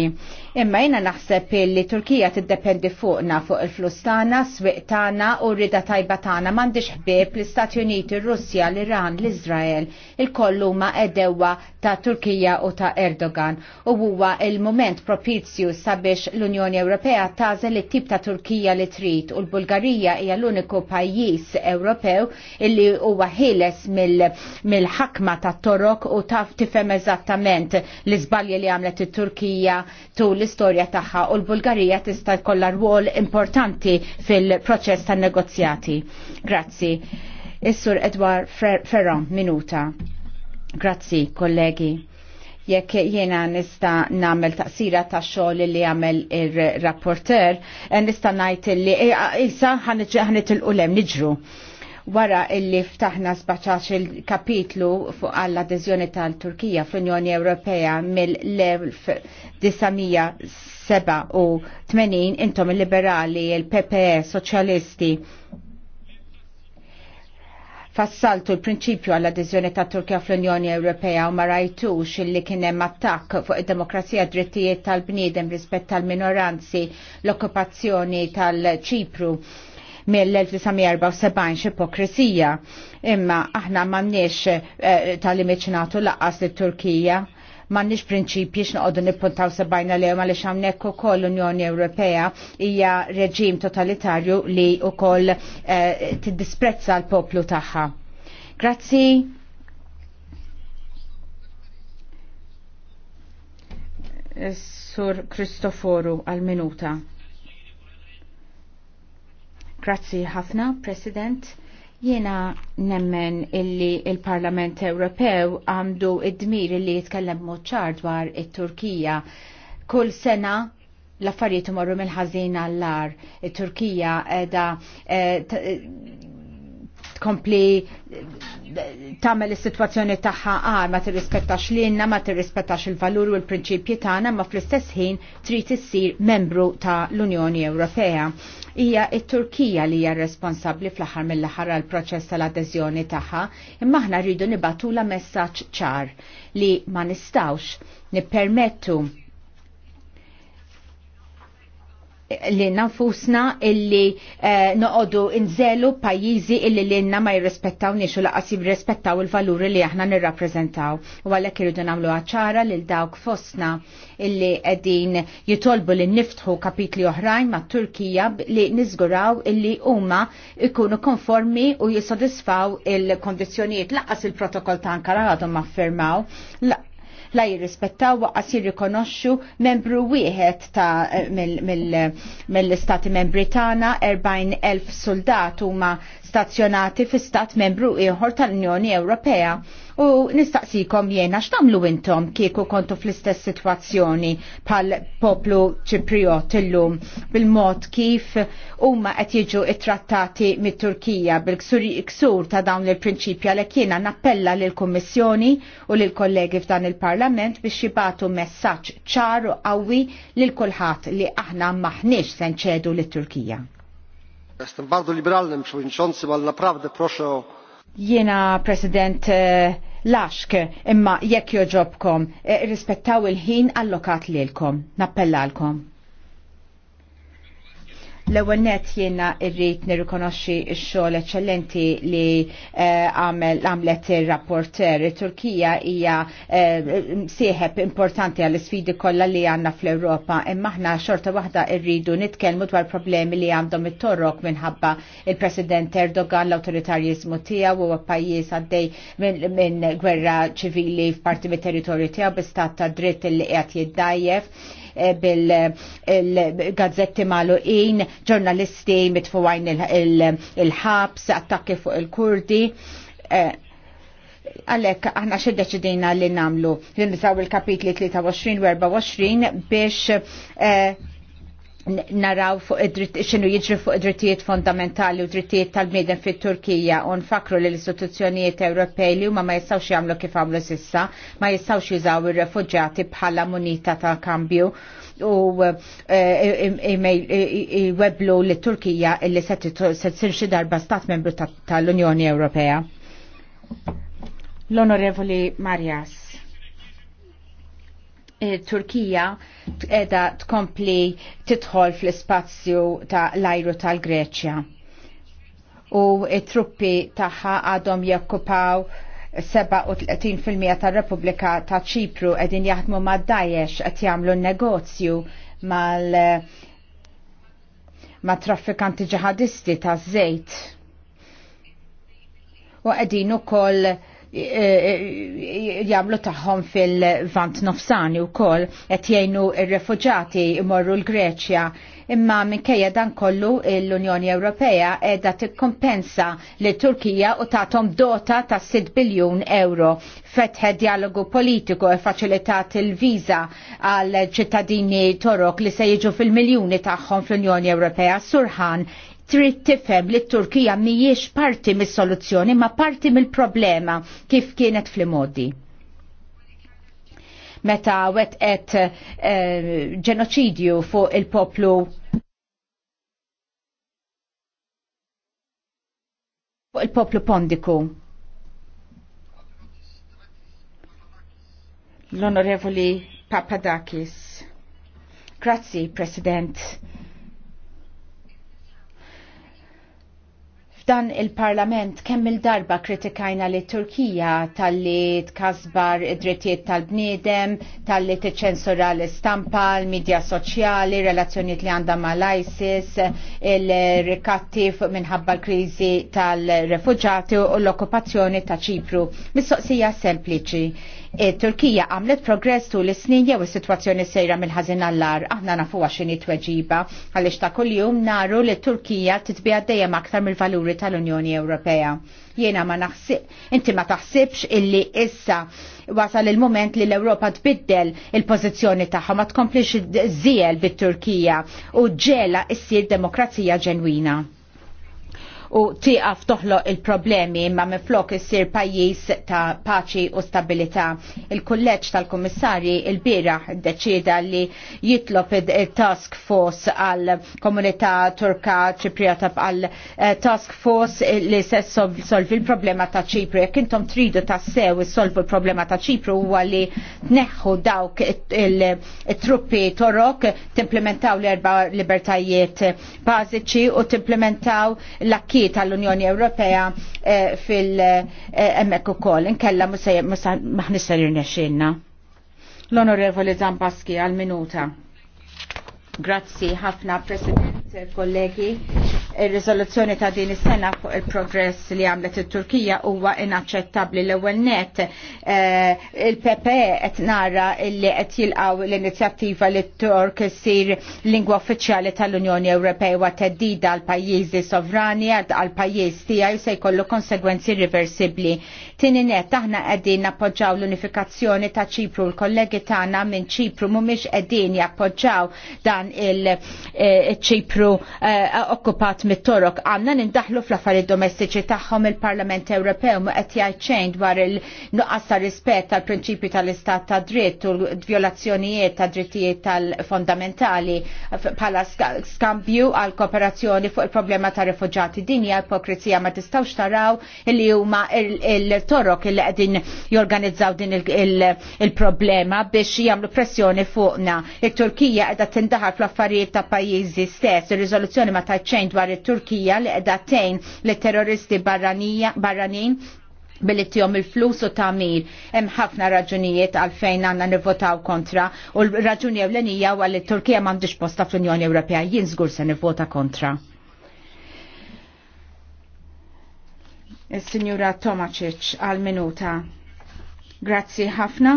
Imma jina naħseb li Turkija tiddependi fuqna fuq il-flus tana, swieq tagħna u rida tajba tagħna m'għandix ħbieb l-Istati Uniti, Russja, l-Iran, l-Iżrael, il kollu huma edewa ta' Turkija u ta' Erdogan. U huwa il-moment propizju sabiex l-Unjoni Ewropea tażel it-tip ta' Turkija li trid u l-Bulgarija hija l-uniku pajjiż Ewropew illi huwa ħieles mill il-ħakma ta' torok u taf tifhem eżattament l iżbalji li għamlet it-Turkija tu l-istorja tagħha u l-Bulgarija tista' jkollha rwol importanti fil-proċess tan negozjati. Grazzi. Is-Sur Edward Ferron, minuta. Grazzi, kollegi jekk jiena nista namel taqsira ta' xogħol li għamel ir-rapporter, eh, nista ngħid li eh, isa ħanitilqu lem niġru wara illi ftaħna 17 il-kapitlu fuq għall-adeżjoni tal-Turkija fl-Unjoni Ewropea mill-1987 intom il-liberali, il-PPE, soċjalisti fassaltu l-prinċipju għall-adeżjoni ta' Turkija fl-Unjoni Ewropea u ma rajtux illi kien hemm attakk fuq id-demokrazija drittijiet tal-bniedem rispett tal-minoranzi, l-okkupazzjoni tal-Ċipru, mill-1974 x'ipokrisija. Imma aħna m'għandniex eh, tal-imiċinatu laqqas li turkija m'għandniex prinċipji x'noqogħdu nippuntaw sebajna lejhom għaliex hawnhekk ukoll l-Unjoni Ewropea hija reġim totalitarju li wkoll eh, tiddisprezza l-poplu tagħha. Grazzi. Eh, Sur Kristoforu al minuta Grazzi ħafna, President. Jena nemmen illi il-Parlament Ewropew għandu id-dmir illi jitkellem mod ċar dwar it-Turkija. Kull sena l-affarijiet imorru mill-ħażin għall-lar. il turkija edha eh, eh, tkompli eh, tamel is-sitwazzjoni tagħha għar ma tirrispettax l-inna, ma tirrispettax il-valur u l-prinċipji tagħna, ma fl-istess ħin trid issir membru ta' l-Unjoni Ewropea hija it-Turkija li hija responsabbli fl-aħħar mill-aħħar għal proċess tal-adeżjoni tagħha, imma aħna rridu nibatula messaġġ ċar li ma nistawx nippermettu li nafusna illi eh, noqodu inżelu pajizi illi li inna ma jirrespettaw nixu laqas jirrespettaw il-valuri li aħna nirrapprezentaw. U għalek irridu namlu għacċara li l-dawk fosna illi edin jitolbu li niftħu kapitli oħrajn ma' Turkija li nizguraw illi huma ikunu konformi u jisodisfaw il kondizjoniet laqas il-protokoll ta' Ankara għadhom ma' firmaw la jirrispettaw waqqas jirrikonoxxu membru wieħed ta' mill-istati membri tagħna 40,000 soldat huma stazzjonati fi stat membru ieħor tal-Unjoni Ewropea. U nistaqsikom jiena x'tagħmlu intom kieku kontu fl-istess sitwazzjoni pal poplu Ċipriot illum bil-mod kif huma qed jiġu ittrattati mit-Turkija bil-ksur ta' dawn il-prinċipja li kiena nappella lill kummissjoni u lill kollegi f'dan il-Parlament il-Parlament biex jibatu messaġġ ċar u qawwi lil kulħadd li aħna maħniex se nċedu lit turkija Jestem bardzo liberalnym przewodniczącym, ale naprawdę proszę o... Jena, prezydent, e, laxk, imma jekk joġobkom, e, rispettaw il-ħin allokat lilkom, nappellalkom. L-ewwel net jiena rrid nirrikonoxxi x-xogħol eċċellenti li eh, għamlet ir-rapporter. Turkija hija eh, sieħeb importanti għall sfidi kollha li għandna fl-Ewropa, imma aħna xorta waħda rridu nitkellmu dwar problemi li għandhom it-torok minħabba il-President Erdogan l-awtoritarjiżmu tiegħu huwa pajjiż għaddej minn gwerra ċivili f'parti mit-territorju tiegħu bi stat ta' dritt li qed jiddajjef Eh, bil-gazzetti maluqin, ġurnalisti mitfuwajn il-ħabs, attakki fuq il-Kurdi. Eh, Għalek, aħna xed deċidina li namlu, li nisaw il-kapitli 23 24 biex eh, naraw fuq xinu jiġri fuq drittijiet fondamentali u drittijiet tal-bniedem fit turkija u nfakru li l-istituzzjonijiet Ewropej li huma ma jistawx jagħmlu kif għamlu sissa, ma jistawx jużaw ir-refuġjati bħala munita tal kambju u jweblu eh, li Turkija illi se tsirxi darba stat membru tal-Unjoni Ewropea. L-Onorevoli Marjas. Eh, Turkija edha tkompli titħol fl-spazju ta' l-ajru tal-Greċja. U it-truppi taħħa għadhom jokkupaw 37% tal-Repubblika ta' Ċipru edin jaħdmu ma' Daesh qed jagħmlu negozju mal ma' traffikanti ġihadisti ta' żejt. U qegħdin ukoll jagħmlu tagħhom fil-vant nofsani wkoll qed jgħinu r refugġati imorru l-Greċja imma minkejja dan kollu l-Unjoni Ewropea edha tikkompensa li Turkija u taħtom dota ta' 6 biljun euro fetħe dialogu politiku e faċilitat il-viza għal ċittadini Torok li se jiġu fil-miljoni tagħhom fl-Unjoni Ewropea surħan trid tifhem li t-Turkija mhijiex parti mis-soluzzjoni ma parti mill-problema kif kienet fl-modi. Meta qed eh, ġenoċidju fuq il-poplu fuq il-poplu pondiku. L-Onorevoli Papadakis. Grazzi, President Dan il-Parlament kemm il-darba kritikajna li Turkija tal-li tkasbar id-drittijiet tal-bniedem, tal-li ċensura l-istampa, l-medja soċjali, relazzjoniet li għandha mal-ISIS, il-rikatti minħabba l-krizi tal-refugġati u l-okkupazzjoni ta' Ċipru. Mistoqsija sempliċi E, Turkija għamlet progress tu l-snin jew is-sitwazzjoni sejra mill ħazin għallar. Aħna nafu għaxini tweġiba għaliex ta' kuljum naru li Turkija titbija dejjem aktar mill-valuri tal-Unjoni Ewropea. Jiena ma naħsib inti ma taħsibx illi issa wasal il-moment li l-Ewropa tbiddel il-pożizzjoni tagħha ma tkomplix żiel bit-Turkija u ġela issir demokrazija ġenwina u tieqaf toħloq il-problemi imma miflok issir pajjiż ta' paċi u stabilità. Il-kulleġġ tal-Kummissarji il bira deċida li jitlob il-task force għal komunità Turka ċipriata għal eh, task force li se solvi il-problema ta' Ċipru. Jekk intom tridu ta' sew solvu il-problema ta' Ċipru huwa li tneħħu dawk il-truppi torok, t-implementaw l-erba libertajiet bażiċi u t-implementaw l-akki tal-Unjoni Ewropea eh, fil u eh, ukoll inkella maħnisser irnexxinna. L-Onorevoli Zambaski għal-minuta. Grazzi ħafna President, kollegi ir-riżoluzzjoni ta' din is-sena fuq il-progress li għamlet it-Turkija huwa inaċċettabbli l-ewwel net eh, il-PP e qed nara li qed jilqgħu l-inizjattiva li t-Turk issir lingwa uffiċjali tal-Unjoni Ewropea wa teddida għal pajjiżi sovrani għal pajjiż tiegħu se jkollu konsegwenzi riversibbli. Tieni net aħna qegħdin nappoġġaw l-unifikazzjoni ta' Ċipru l-kollegi tagħna minn Ċipru mhumiex qegħdin jappoġġaw dan il-Ċipru eh, eh, okkupat mit-torok għandna nindaħlu fl-affarijiet domestiċi tagħhom il-Parlament Ewropew ma qed jgħid xejn dwar il-nuqqas ta' rispett tal-prinċipju tal-istat ta' dritt u l-vjolazzjonijiet ta' drittijiet tal-fondamentali bħala skambju għal kooperazzjoni fuq il-problema ta' rifuġati dinja ipokrizija ma tistgħux taraw li huma il-torok il qegħdin jorganizzaw din il-problema biex jagħmlu pressjoni fuqna. Il-Turkija qiegħda tindaħal fl-affarijiet ta' pajjiżi stess, ir-riżoluzzjoni ma tajċejn dwar it-Turkija li qiegħda tgħin li terroristi barranin billi tijom il-flus u tamil Hemm ħafna raġunijiet għalfejn għanna nivvotaw kontra u l-raġuni ewlenija u għalli Turkija m'għandix posta fl-Unjoni Ewropea jien żgur se nivvota kontra. il sinjura Tomacic għal minuta. Grazzi ħafna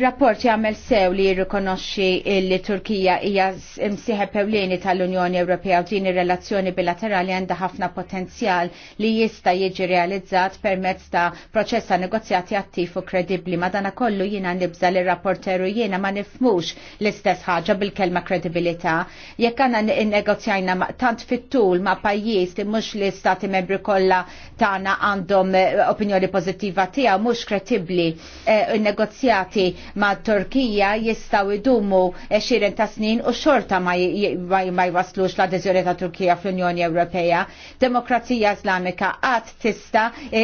rapport jagħmel sew li jirrikonoxxi li Turkija hija msieħe pewlieni tal-Unjoni Ewropea u din ir-relazzjoni bilaterali għandha ħafna potenzjal li jista' jiġi realizzat permezz ta' proċess ta' negozjati attiv u kredibbli. Madanakollu jiena nibża li rapporteru jiena ma nifmux l-istess ħaġa bil-kelma kredibilità. Jekk għandna negozjajna tant fit-tul ma' pajjiż li mhux li stati membri kollha tagħna għandhom eh, opinjoni pożittiva tiegħu mhux kredibbli eh, negozjati ma' Turkija jistaw idumu 20 ta' snin u xorta ma' jwaslux l-adeżjoni ta' Turkija fl-Unjoni Ewropea. Demokrazija Islamika għad tista e,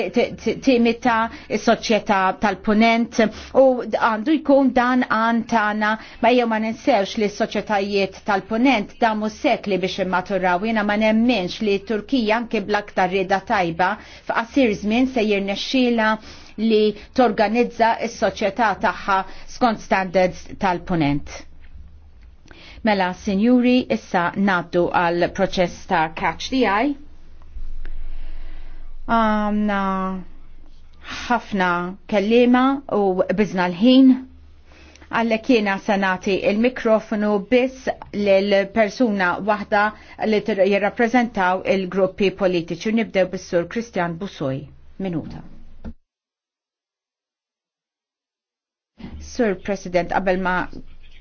timita e, soċjetà tal-punent u għandu jkun dan għan tana ma' jew ma' ninsewx li s-soċjetajiet tal-punent damu sekli biex immaturaw jena ma' nemmenx li Turkija anke blaktar rida tajba f'qasir żmien se jirnexxila li torganizza s-soċjetà tagħha skont standards tal-punent. Mela, sinjuri, issa naddu għal proċess ta' catch the eye. Għamna ħafna kellima u bizna l-ħin għallek jena sanati il-mikrofonu biss l-persuna wahda li jirrapprezentaw il-gruppi politiċi. Nibdew bis-sur Kristjan Busoj. Minuta. Sur President, qabel ma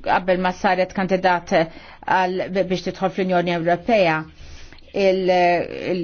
qabel ma saret kandidat għal biex tidħol fl-Unjoni Ewropea il, il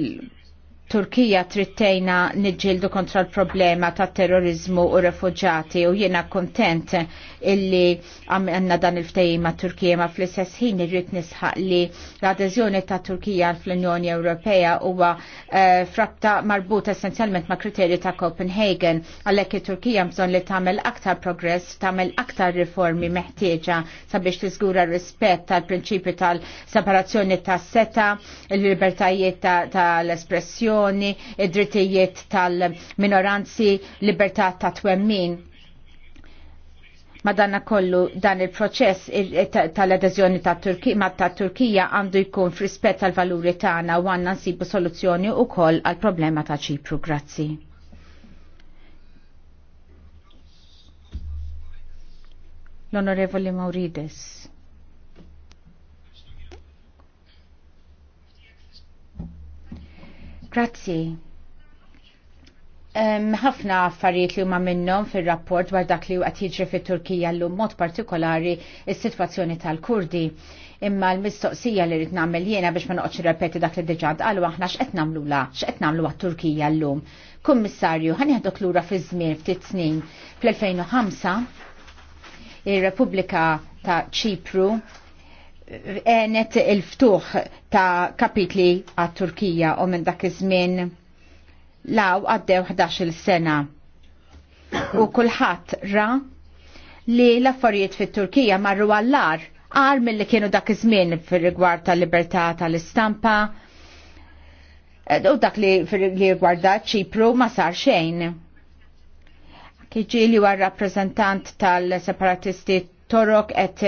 Turkija trittejna nġildu kontra l-problema ta' terrorizmu u refugġati u jiena kontent illi għanna dan il-ftejim ma' Turkija ma' fl-istess ħin irrit nisħaq li l-adeżjoni ta' Turkija fl-Unjoni Ewropea huwa uh, eh, frabta marbut essenzjalment ma' kriterji ta' Copenhagen għalhekk it-Turkija bżonn li tagħmel aktar progress, tagħmel aktar riformi meħtieġa sabiex tiżgura rispett tal-prinċipju tal-separazzjoni tas-seta, il-libertajiet tal-espressjoni, tal id-drittijiet tal-minoranzi, libertà ta' twemmin madanna kollu dan il-proċess tal adazjoni eh, ta' Turkija ma ta' Turkija għandu jkun frispett tal valuri tagħna u għandna nsibu soluzzjoni wkoll għall problema ta' Ċipru. Grazzi. L-Onorevoli Maurides. Grazzi. ħafna um, affarijiet li huma minnhom fir-rapport dwar dak li qed jiġri fit-Turkija llum mod partikolari is-sitwazzjoni tal-Kurdi. Imma l-mistoqsija li rrid nagħmel jiena biex ma noqgħodx irrepeti dak li diġà qalu aħna x'qed nagħmlula, x'qed nagħmlu għat-Turkija llum. Kummissarju, ħanieħdok lura fi żmien ftit snin fl-2005 ir-Repubblika ta' Ċipru għenet il-ftuħ ta' kapitli għat turkija u minn dak iż-żmien law għaddew 11 sena. U kulħadd ra li l-affarijiet fit-Turkija marru għallar għar mill-li kienu dak iż-żmien fir-rigward tal-libertà tal-istampa u dak li fir ċipru ma sar xejn. Kiġi li għar rappresentant tal-separatisti torok et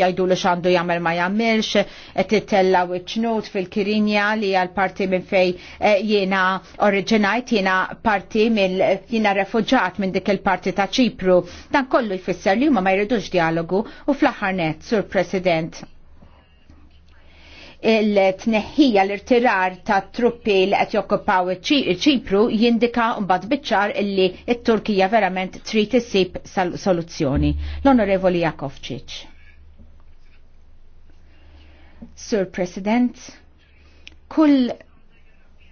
jajdu li xandu jamel ma jamilx, et tella wiċnut fil-Kirinja li għal parti minn fej eh, jena oriġinajt, jena parti minn jena refugġat minn dik il-parti ta' ċipru. Dan kollu jfisser li ma ma jridux dialogu u fl-ħarnet, sur President il-tneħħija l-irtirar ta' truppi li qed jokkupaw ċipru jindika mbagħad biċċar illi t-Turkija verament trid issib soluzzjoni. L-Onorevoli Jakovčić. Sur President, kull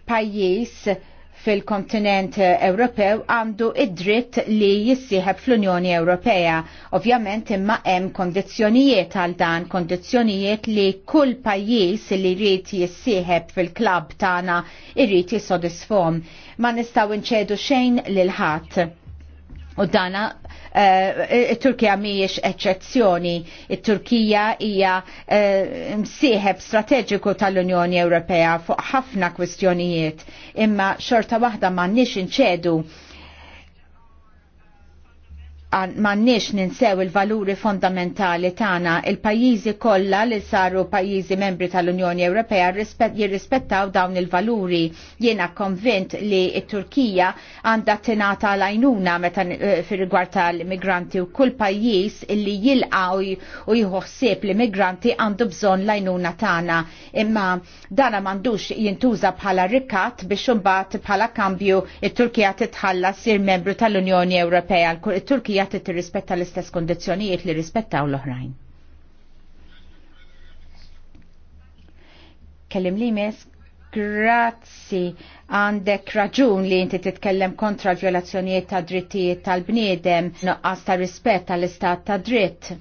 pajjiż fil-kontinent Ewropew għandu id-dritt li jissieħeb fl-Unjoni Ewropea. Ovvjament imma hemm kondizzjonijiet għal dan, kondizzjonijiet li kull pajjiż li jrid jissieħeb fil-klab tagħna jrid jissodisfhom. Ma nistgħu nċedu xejn lil ħadd U dana eh, il-Turkija uh, miex eccezzjoni. Il-Turkija hija uh, msieħeb strateġiku tal-Unjoni Ewropea fuq ħafna kwistjonijiet, imma xorta waħda ma nix inċedu mannix ninsew il-valuri fondamentali tana il-pajizi kolla li saru pajizi membri tal-Unjoni Ewropea jirrispettaw dawn il-valuri. Jiena konvint li il-Turkija għanda tinata lajnuna meta fir l tal u kull pajis li jilqa u jħossib li immigranti għandu bżon lajnuna tana. Imma dana mandux jintuża bħala rikat biex umbat bħala kambju il-Turkija titħalla sir membru tal-Unjoni Ewropea. Il-Turkija hija tirrispetta l-istess kondizzjonijiet li rispettaw l-oħrajn. Kellim li mes, grazzi għandek raġun li inti titkellem kontra l-violazzjonijiet ta' drittijiet tal-bniedem, noqqas ta' rispett l istat ta' dritt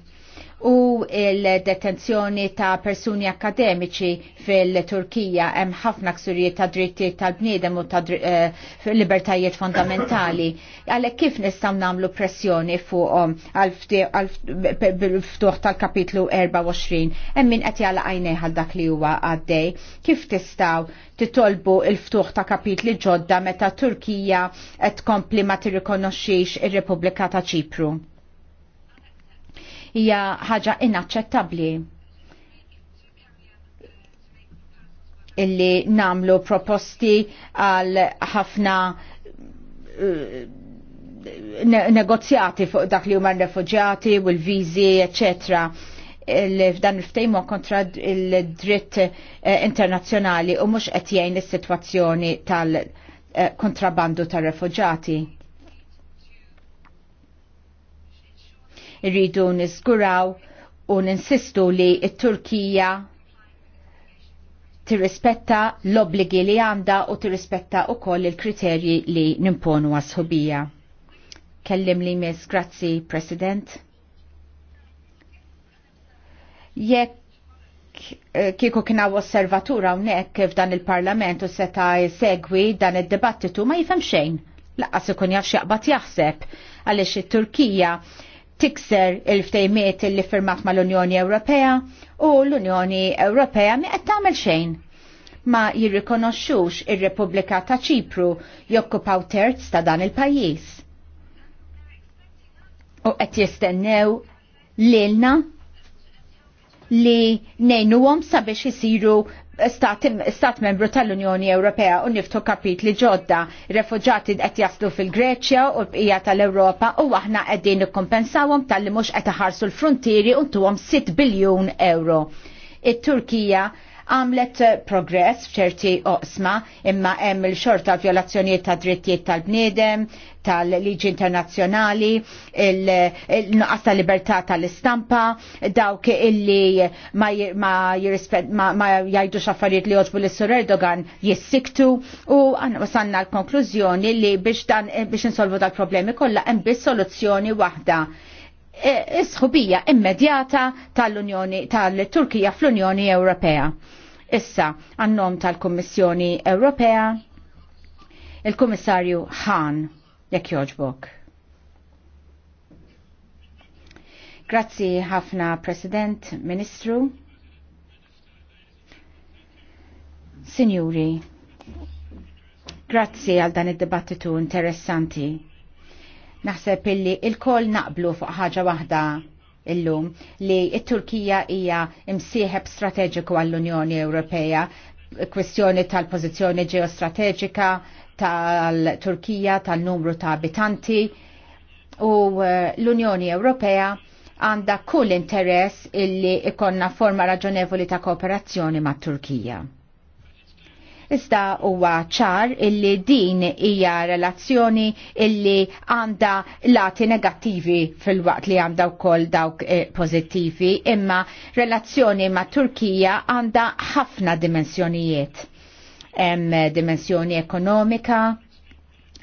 u il-detenzjoni ta' persuni akademiċi fil-Turkija hemm ħafna ksurijiet ta' dritti tal-bniedem u ta' eh, libertajiet fondamentali. Għalhekk kif nistgħu nagħmlu pressjoni fuqhom għal-ftuħ tal-kapitlu 24 hemm min qed jala għajnej għal dak li huwa għaddej. Kif tistaw titolbu il-ftuħ ta' kapitli ġodda meta Turkija qed tkompli ma tirrikonoxxix ir-Repubblika ta' Ċipru? hija ħaġa inaċċettabbli. Illi namlu proposti għal ħafna eh, negozjati fuq dak li huma refugjati u l-viżi, eccetera f'dan il-ftejmu kontra il-dritt eh, internazzjonali u mux qed jgħin is-sitwazzjoni tal-kontrabandu eh, tar refuġati Irridu niżguraw u ninsistu li t-Turkija tirrispetta l-obligi li għanda u tirrispetta u koll il-kriterji li nimponu għasħubija. Kellim li mis, grazzi, President. Jekk eh, kieku kien hawn osservatura hawnhekk f'dan il-Parlament u seta' jsegwi dan id-dibattitu ma jifhem xejn. Laqqas ikun jaf x'jaqbad jaħseb għaliex it-Turkija tikser il-ftejmiet li firmat mal-Unjoni Ewropea u l-Unjoni Ewropea mi qed tagħmel xejn ma jirrikonoxxux ir-Repubblika ta' Ċipru jokkupaw terz ta' dan il-pajjiż. U qed jistennew lilna li nejnuhom sabiex isiru stat membru tal-Unjoni Ewropea u niftu kapit li ġodda. Refugġati qed jaslu fil-Greċja u l-bqija tal-Ewropa u aħna qegħdin nikkompensawhom tal-li mhux qed iħarsu l-frontieri u ntuhom 6 biljun euro. It-Turkija għamlet progress f'ċerti oqsma imma hemm il-xorta violazzjonijiet ta' drittijiet tal-bniedem, tal-liġi internazzjonali, il-nuqqas ta' libertà tal-istampa, dawk illi ma, jgħidux affarijiet li joġbu l-Sur Erdogan jissiktu u għanna l-konklużjoni li biex, dan, biex insolvu dal-problemi kollha hemm biss soluzzjoni waħda E, isħubija immedjata tal-Unjoni tal-Turkija fl-Unjoni Ewropea. Issa, għannom tal-Kommissjoni Ewropea, il-Kommissarju Hahn, jekk joġbok. Grazzi ħafna President, Ministru, Signori, grazzi għal dan id-dibattitu interessanti Naħseb illi il-kol naqblu fuq ħaġa waħda illum li it-Turkija hija imsieħeb strateġiku għall-Unjoni Ewropea, kwestjoni tal-pożizzjoni ġeostrateġika tal-Turkija, tal-numru ta' abitanti u eh, l-Unjoni Ewropea għanda kull interess illi ikonna forma raġonevoli ta' kooperazzjoni ma' Turkija. Iżda huwa ċar illi din hija relazzjoni illi għandha lati negattivi fil-waqt li għandha wkoll dawk eh, pożittivi, imma relazzjoni ma' Turkija għandha ħafna dimensjonijiet. Hemm dimensjoni ekonomika,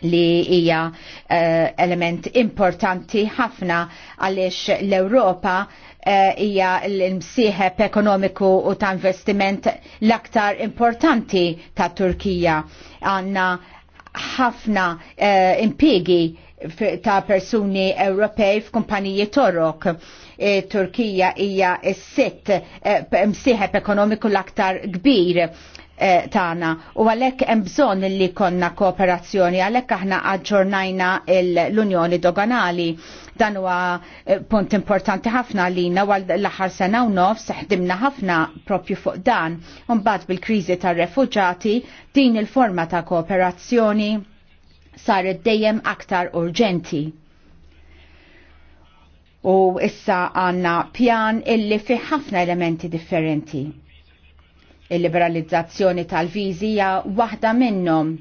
li hija uh, element importanti ħafna għaliex l-Ewropa Eh, hija l-msieħeb ekonomiku u ta' investiment l-aktar importanti ta' Turkija. Għanna ħafna eh, impiegi ta' persuni Ewropej f'kumpaniji torok. E, Turkija hija s-sitt eh, msieħeb ekonomiku l-aktar kbir tana u għalek hemm bżonn li konna kooperazzjoni għalek aħna aġġornajna l-Unjoni Doganali Dan huwa eh, punt importanti ħafna lina għal l-aħħar sena u nofs ħdimna ħafna propju fuq dan. Mbagħad bil-kriżi tar-refuġati din il-forma ta' kooperazzjoni saret dejjem aktar urġenti u issa għanna pjan illi fi ħafna elementi differenti. Il-liberalizzazzjoni tal-viżi hija waħda minnhom.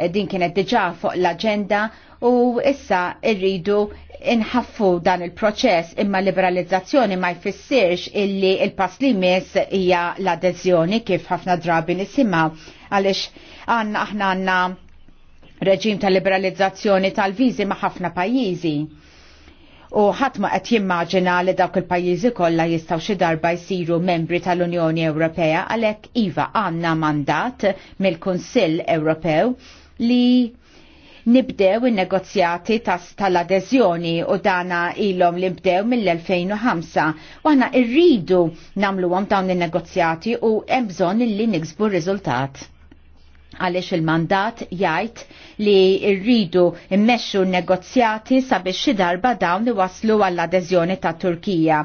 Eh, din kienet diġà fuq l-aġenda u issa irridu inħaffu dan il-proċess imma liberalizzazzjoni ma jfissirx illi il-pass li mis hija l-adeżjoni kif ħafna drabi nisimaw għaliex għanna aħna għanna reġim ta' liberalizzazzjoni tal-viżi ma' ħafna pajjiżi. U ħadd ma qed jimmaġina li dawk il-pajjiżi kollha jistgħu xi darba jsiru membri tal-Unjoni Ewropea għalhekk iva għandna mandat mill-Kunsill Ewropew li nibdew il-negozjati tal-adezjoni u dana ilom li bdew mill-2005. U għana irridu namlu għom dawn il-negozjati u jembżon li niksbu rizultat għalix il-mandat jajt li rridu immexxu negozjati sabiex xi darba dawn iwaslu għall-adeżjoni ta' Turkija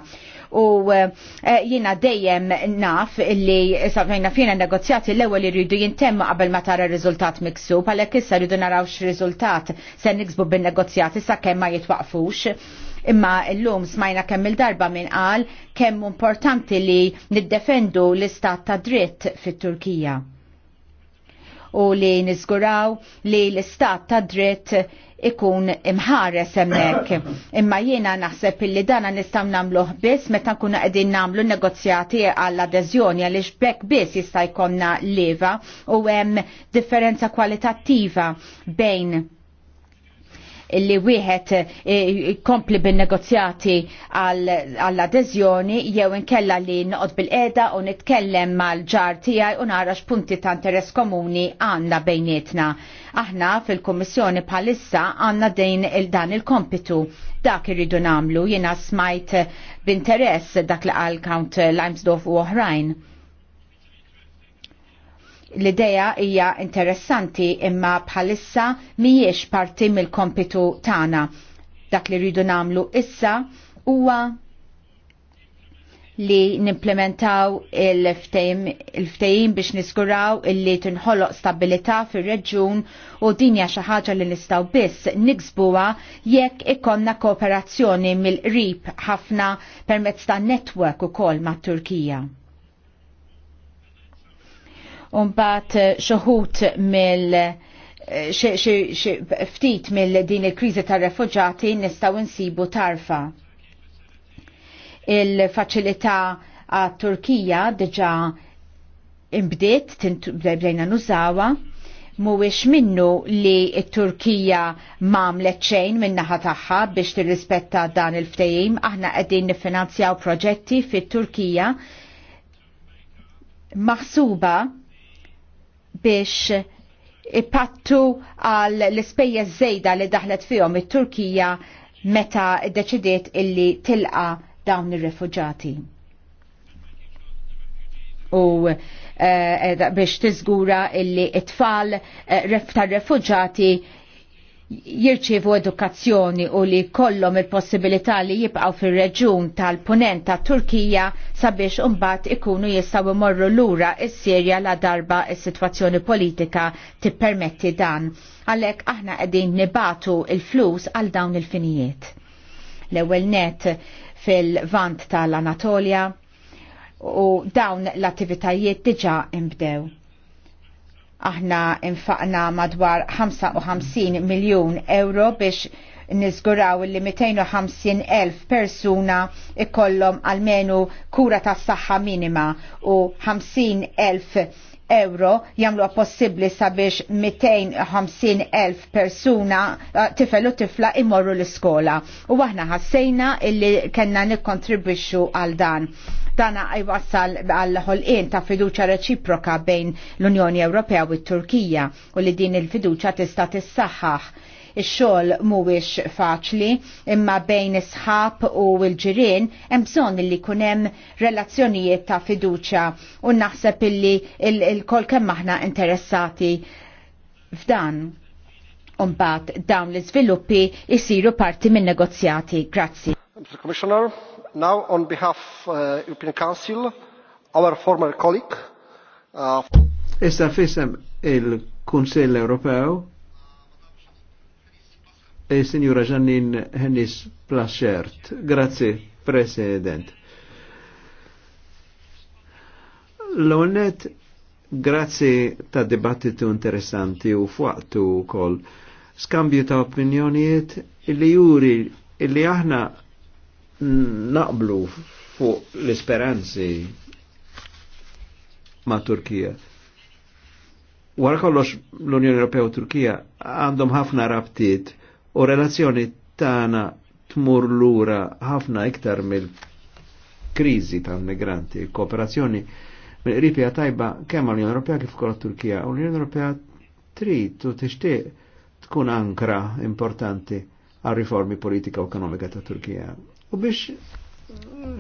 u eh, eh, jina dejjem naf li safajna fina negozjati l-ewel irridu jintemmu qabel ma tara rizultat miksu, għalhekk issa rridu naraw x-rizultat se niksbu bin-negozjati sa kemm ma jitwaqfux. Imma l-lum smajna kemm il-darba minn qal kemm importanti li niddefendu l-istat ta' dritt fit-Turkija u li nizguraw li l-istat ta' dritt ikun imħares hemmhekk. Imma jiena naħseb illi dana nistgħu nagħmluh biss meta nkunu qegħdin nagħmlu negozjati għall adeżjoni għaliex bekk biss jista' jkollna leva u hemm differenza kwalitattiva bejn illi wieħed eh, kompli bin-negozjati għall-adeżjoni jew inkella li noqgħod bil-qeda u nitkellem mal-ġar tiegħi u nara x'punti ta' interess komuni għandna bejnietna. Aħna fil-Kummissjoni bħalissa għandna dejn il-dan il-kompitu dak irridu namlu jiena smajt b'interess dak li għal Count Limesdorf u oħrajn l-ideja hija interessanti imma bħalissa mhijiex parti mill-kompitu tagħna. Dak li rridu nagħmlu issa huwa li nimplementaw il-ftejim biex niskuraw illi tinħoloq stabilità fir-reġjun u dinja xi ħaġa li nistgħu biss niksbuha jekk ikonna kooperazzjoni mill-qrib ħafna permezz ta' netwerk ukoll mat-Turkija. Umbat eh, xoħut mill eh, ftit mill din il-kriżi tar refugġati nistgħu insibu tarfa. Il-faċilità għat-Turkija diġà imbdiet bdejna nużawa mhuwiex minnu li t-Turkija mam xejn min-naħa tagħha biex tirrispetta dan il-ftehim, aħna qegħdin nifinanzjaw proġetti fit-Turkija maħsuba biex ipattu għal l-ispejja żejda li daħlet fihom it-Turkija meta deċidiet illi tilqa dawn ir-refuġati. U eh, eh, biex tiżgura illi it-tfal eh, tar-refuġati jirċievu edukazzjoni u li kollom il-possibilità li jibqgħu fir-reġjun tal-punent ta' Turkija sabiex imbagħad ikunu jistgħu imorru lura s-Sirja la darba s-sitwazzjoni politika tippermetti dan. Għalhekk aħna qegħdin nibatu il-flus għal dawn il-finijiet. L-ewwel net fil-vant tal-Anatolja u dawn l-attivitajiet diġà imbdew Aħna infaqna madwar 55 miljon euro biex nizguraw li 250.000 persuna ikollhom almenu kura tas saħħa minima u 50.000 euro jamlu possibli sabiex 250.000 persuna eh, tifel u tifla imorru l-iskola. U aħna ħassejna illi kena nikkontribwixxu għal dan. Dana wassal għal ħolqien ta' fiduċa reċiproka bejn l-Unjoni Ewropea u t-Turkija u li din il-fiduċa tista' tissaħħaħ Ix-xogħol mhuwiex faċli, imma bejn is-sħab u il-ġirin hemm bżonn li kunem relazzjonijiet ta' fiduċa u naħseb illi il-kol kemm aħna interessati f'dan. Umbat dawn l-iżviluppi jisiru parti minn negozjati. Grazzi. Mr. Commissioner, now on behalf of uh, European Council, our former colleague. Uh... Issa fisem il-Kunsell Ewropew, e signora Janine Hennis Plaschert. Grazie, President. L-onet, grazie ta' dibattitu interessanti u fuqtu u kol skambju ta' opinjonijiet illi juri illi aħna naqblu fuq l esperanzi ma' Turkija. Wara kollox l-Unjoni Ewropea u Turkija għandhom ħafna rabtiet u relazzjoni tana tmur lura ħafna iktar mill-krizi tal-migranti, kooperazzjoni mill ripja tajba kemm l-Unjoni Ewropea kif ukoll Turkija. U l-Unjoni Ewropea trid u tixtieq tkun ankra importanti għal riformi politika u ekonomika ta' Turkija. U biex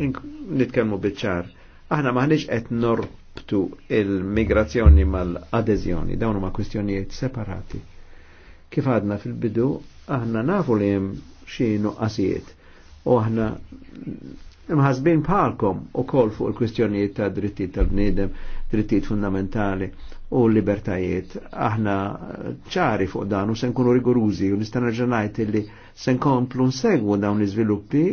nitkellmu biċċar, aħna maħniġ qed norbtu il-migrazzjoni mal-adeżjoni, dawn huma kwistjonijiet separati. Kif għadna fil-bidu, Aħna nafu li hemm xi nuqqasijiet u aħna imħasbin bħalkom u kol fuq il-kwistjonijiet ta' drittijiet tal-bniedem, drittijiet fundamentali u libertajiet. Aħna ċari fuq dan u se nkunu rigurużi u nista' nerġanajt li se nkomplu nsegwu dawn l-iżviluppi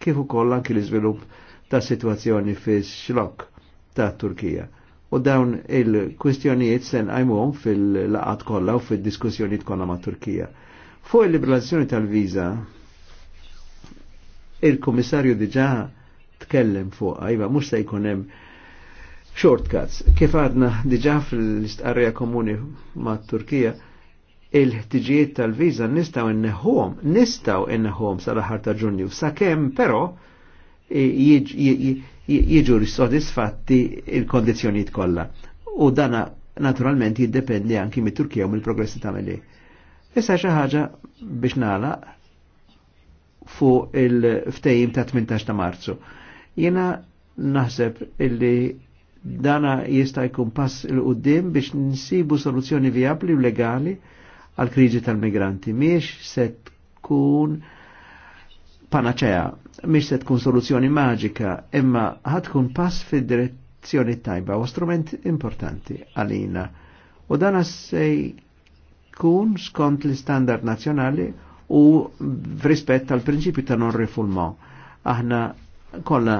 kif ukoll anki l-iżvilupp ta' situazzjoni fi xlok ta' Turkija. U dawn il-kwistjonijiet se nqajmuhom fil-laqat kollha u fil-diskussjoniet kollha ma' Turkija Fuq il-liberazzjoni tal-viza, il-komissarju diġa tkellem fuq, għajba, iva, mux se jkunem shortcuts. Kif għadna diġa fl-istqarrija komuni ma' Turkija, il-ħtiġijiet tal-viza nistaw inneħom, nistaw inneħom sa' laħar ta' ġunju, sa' kem, pero, jiġu sodisfatti il-kondizjoniet kollha. U dana naturalment jiddependi anki mit-Turkija u mill-progressi tamelli. Issa xi ħaġa biex nagħlaq fuq il ftehim ta' 18 ta' Marzu. Jiena naħseb illi dana jista' jkun pass il qudiem biex nsibu soluzzjoni vijabli u legali għal kriġi tal-migranti. Miex se tkun panacea miex se tkun soluzzjoni maġika, imma tkun pass fid-direzzjoni tajba u strument importanti għalina. U dana se tkun skont l-istandard nazjonali u rispett tal prinċipju ta' non rifulmaw. Aħna kolla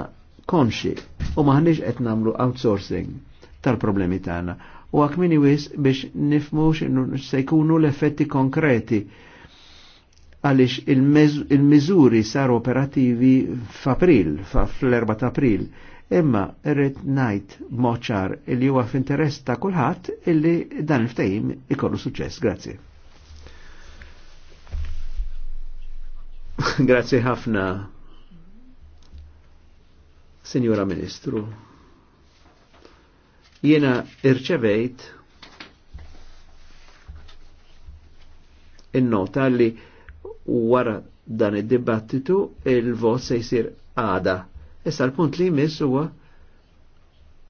konxi u maħniġ qed namlu outsourcing tal-problemi tagħna. U għak minni wis biex nifmu se jkunu l-effetti konkreti għalix il-mizuri il saru operativi f'april, fl-4 ta' april, imma irrit najt moċar il huwa f'interess ta' kulħadd illi dan il-ftehim ikollu suċċess. Grazzi. [LAUGHS] Grazzi ħafna, Signora Ministru. Jiena irċevejt in-nota li wara dan id-dibattitu il-vot se jsir għada Issa l-punt li jmiss huwa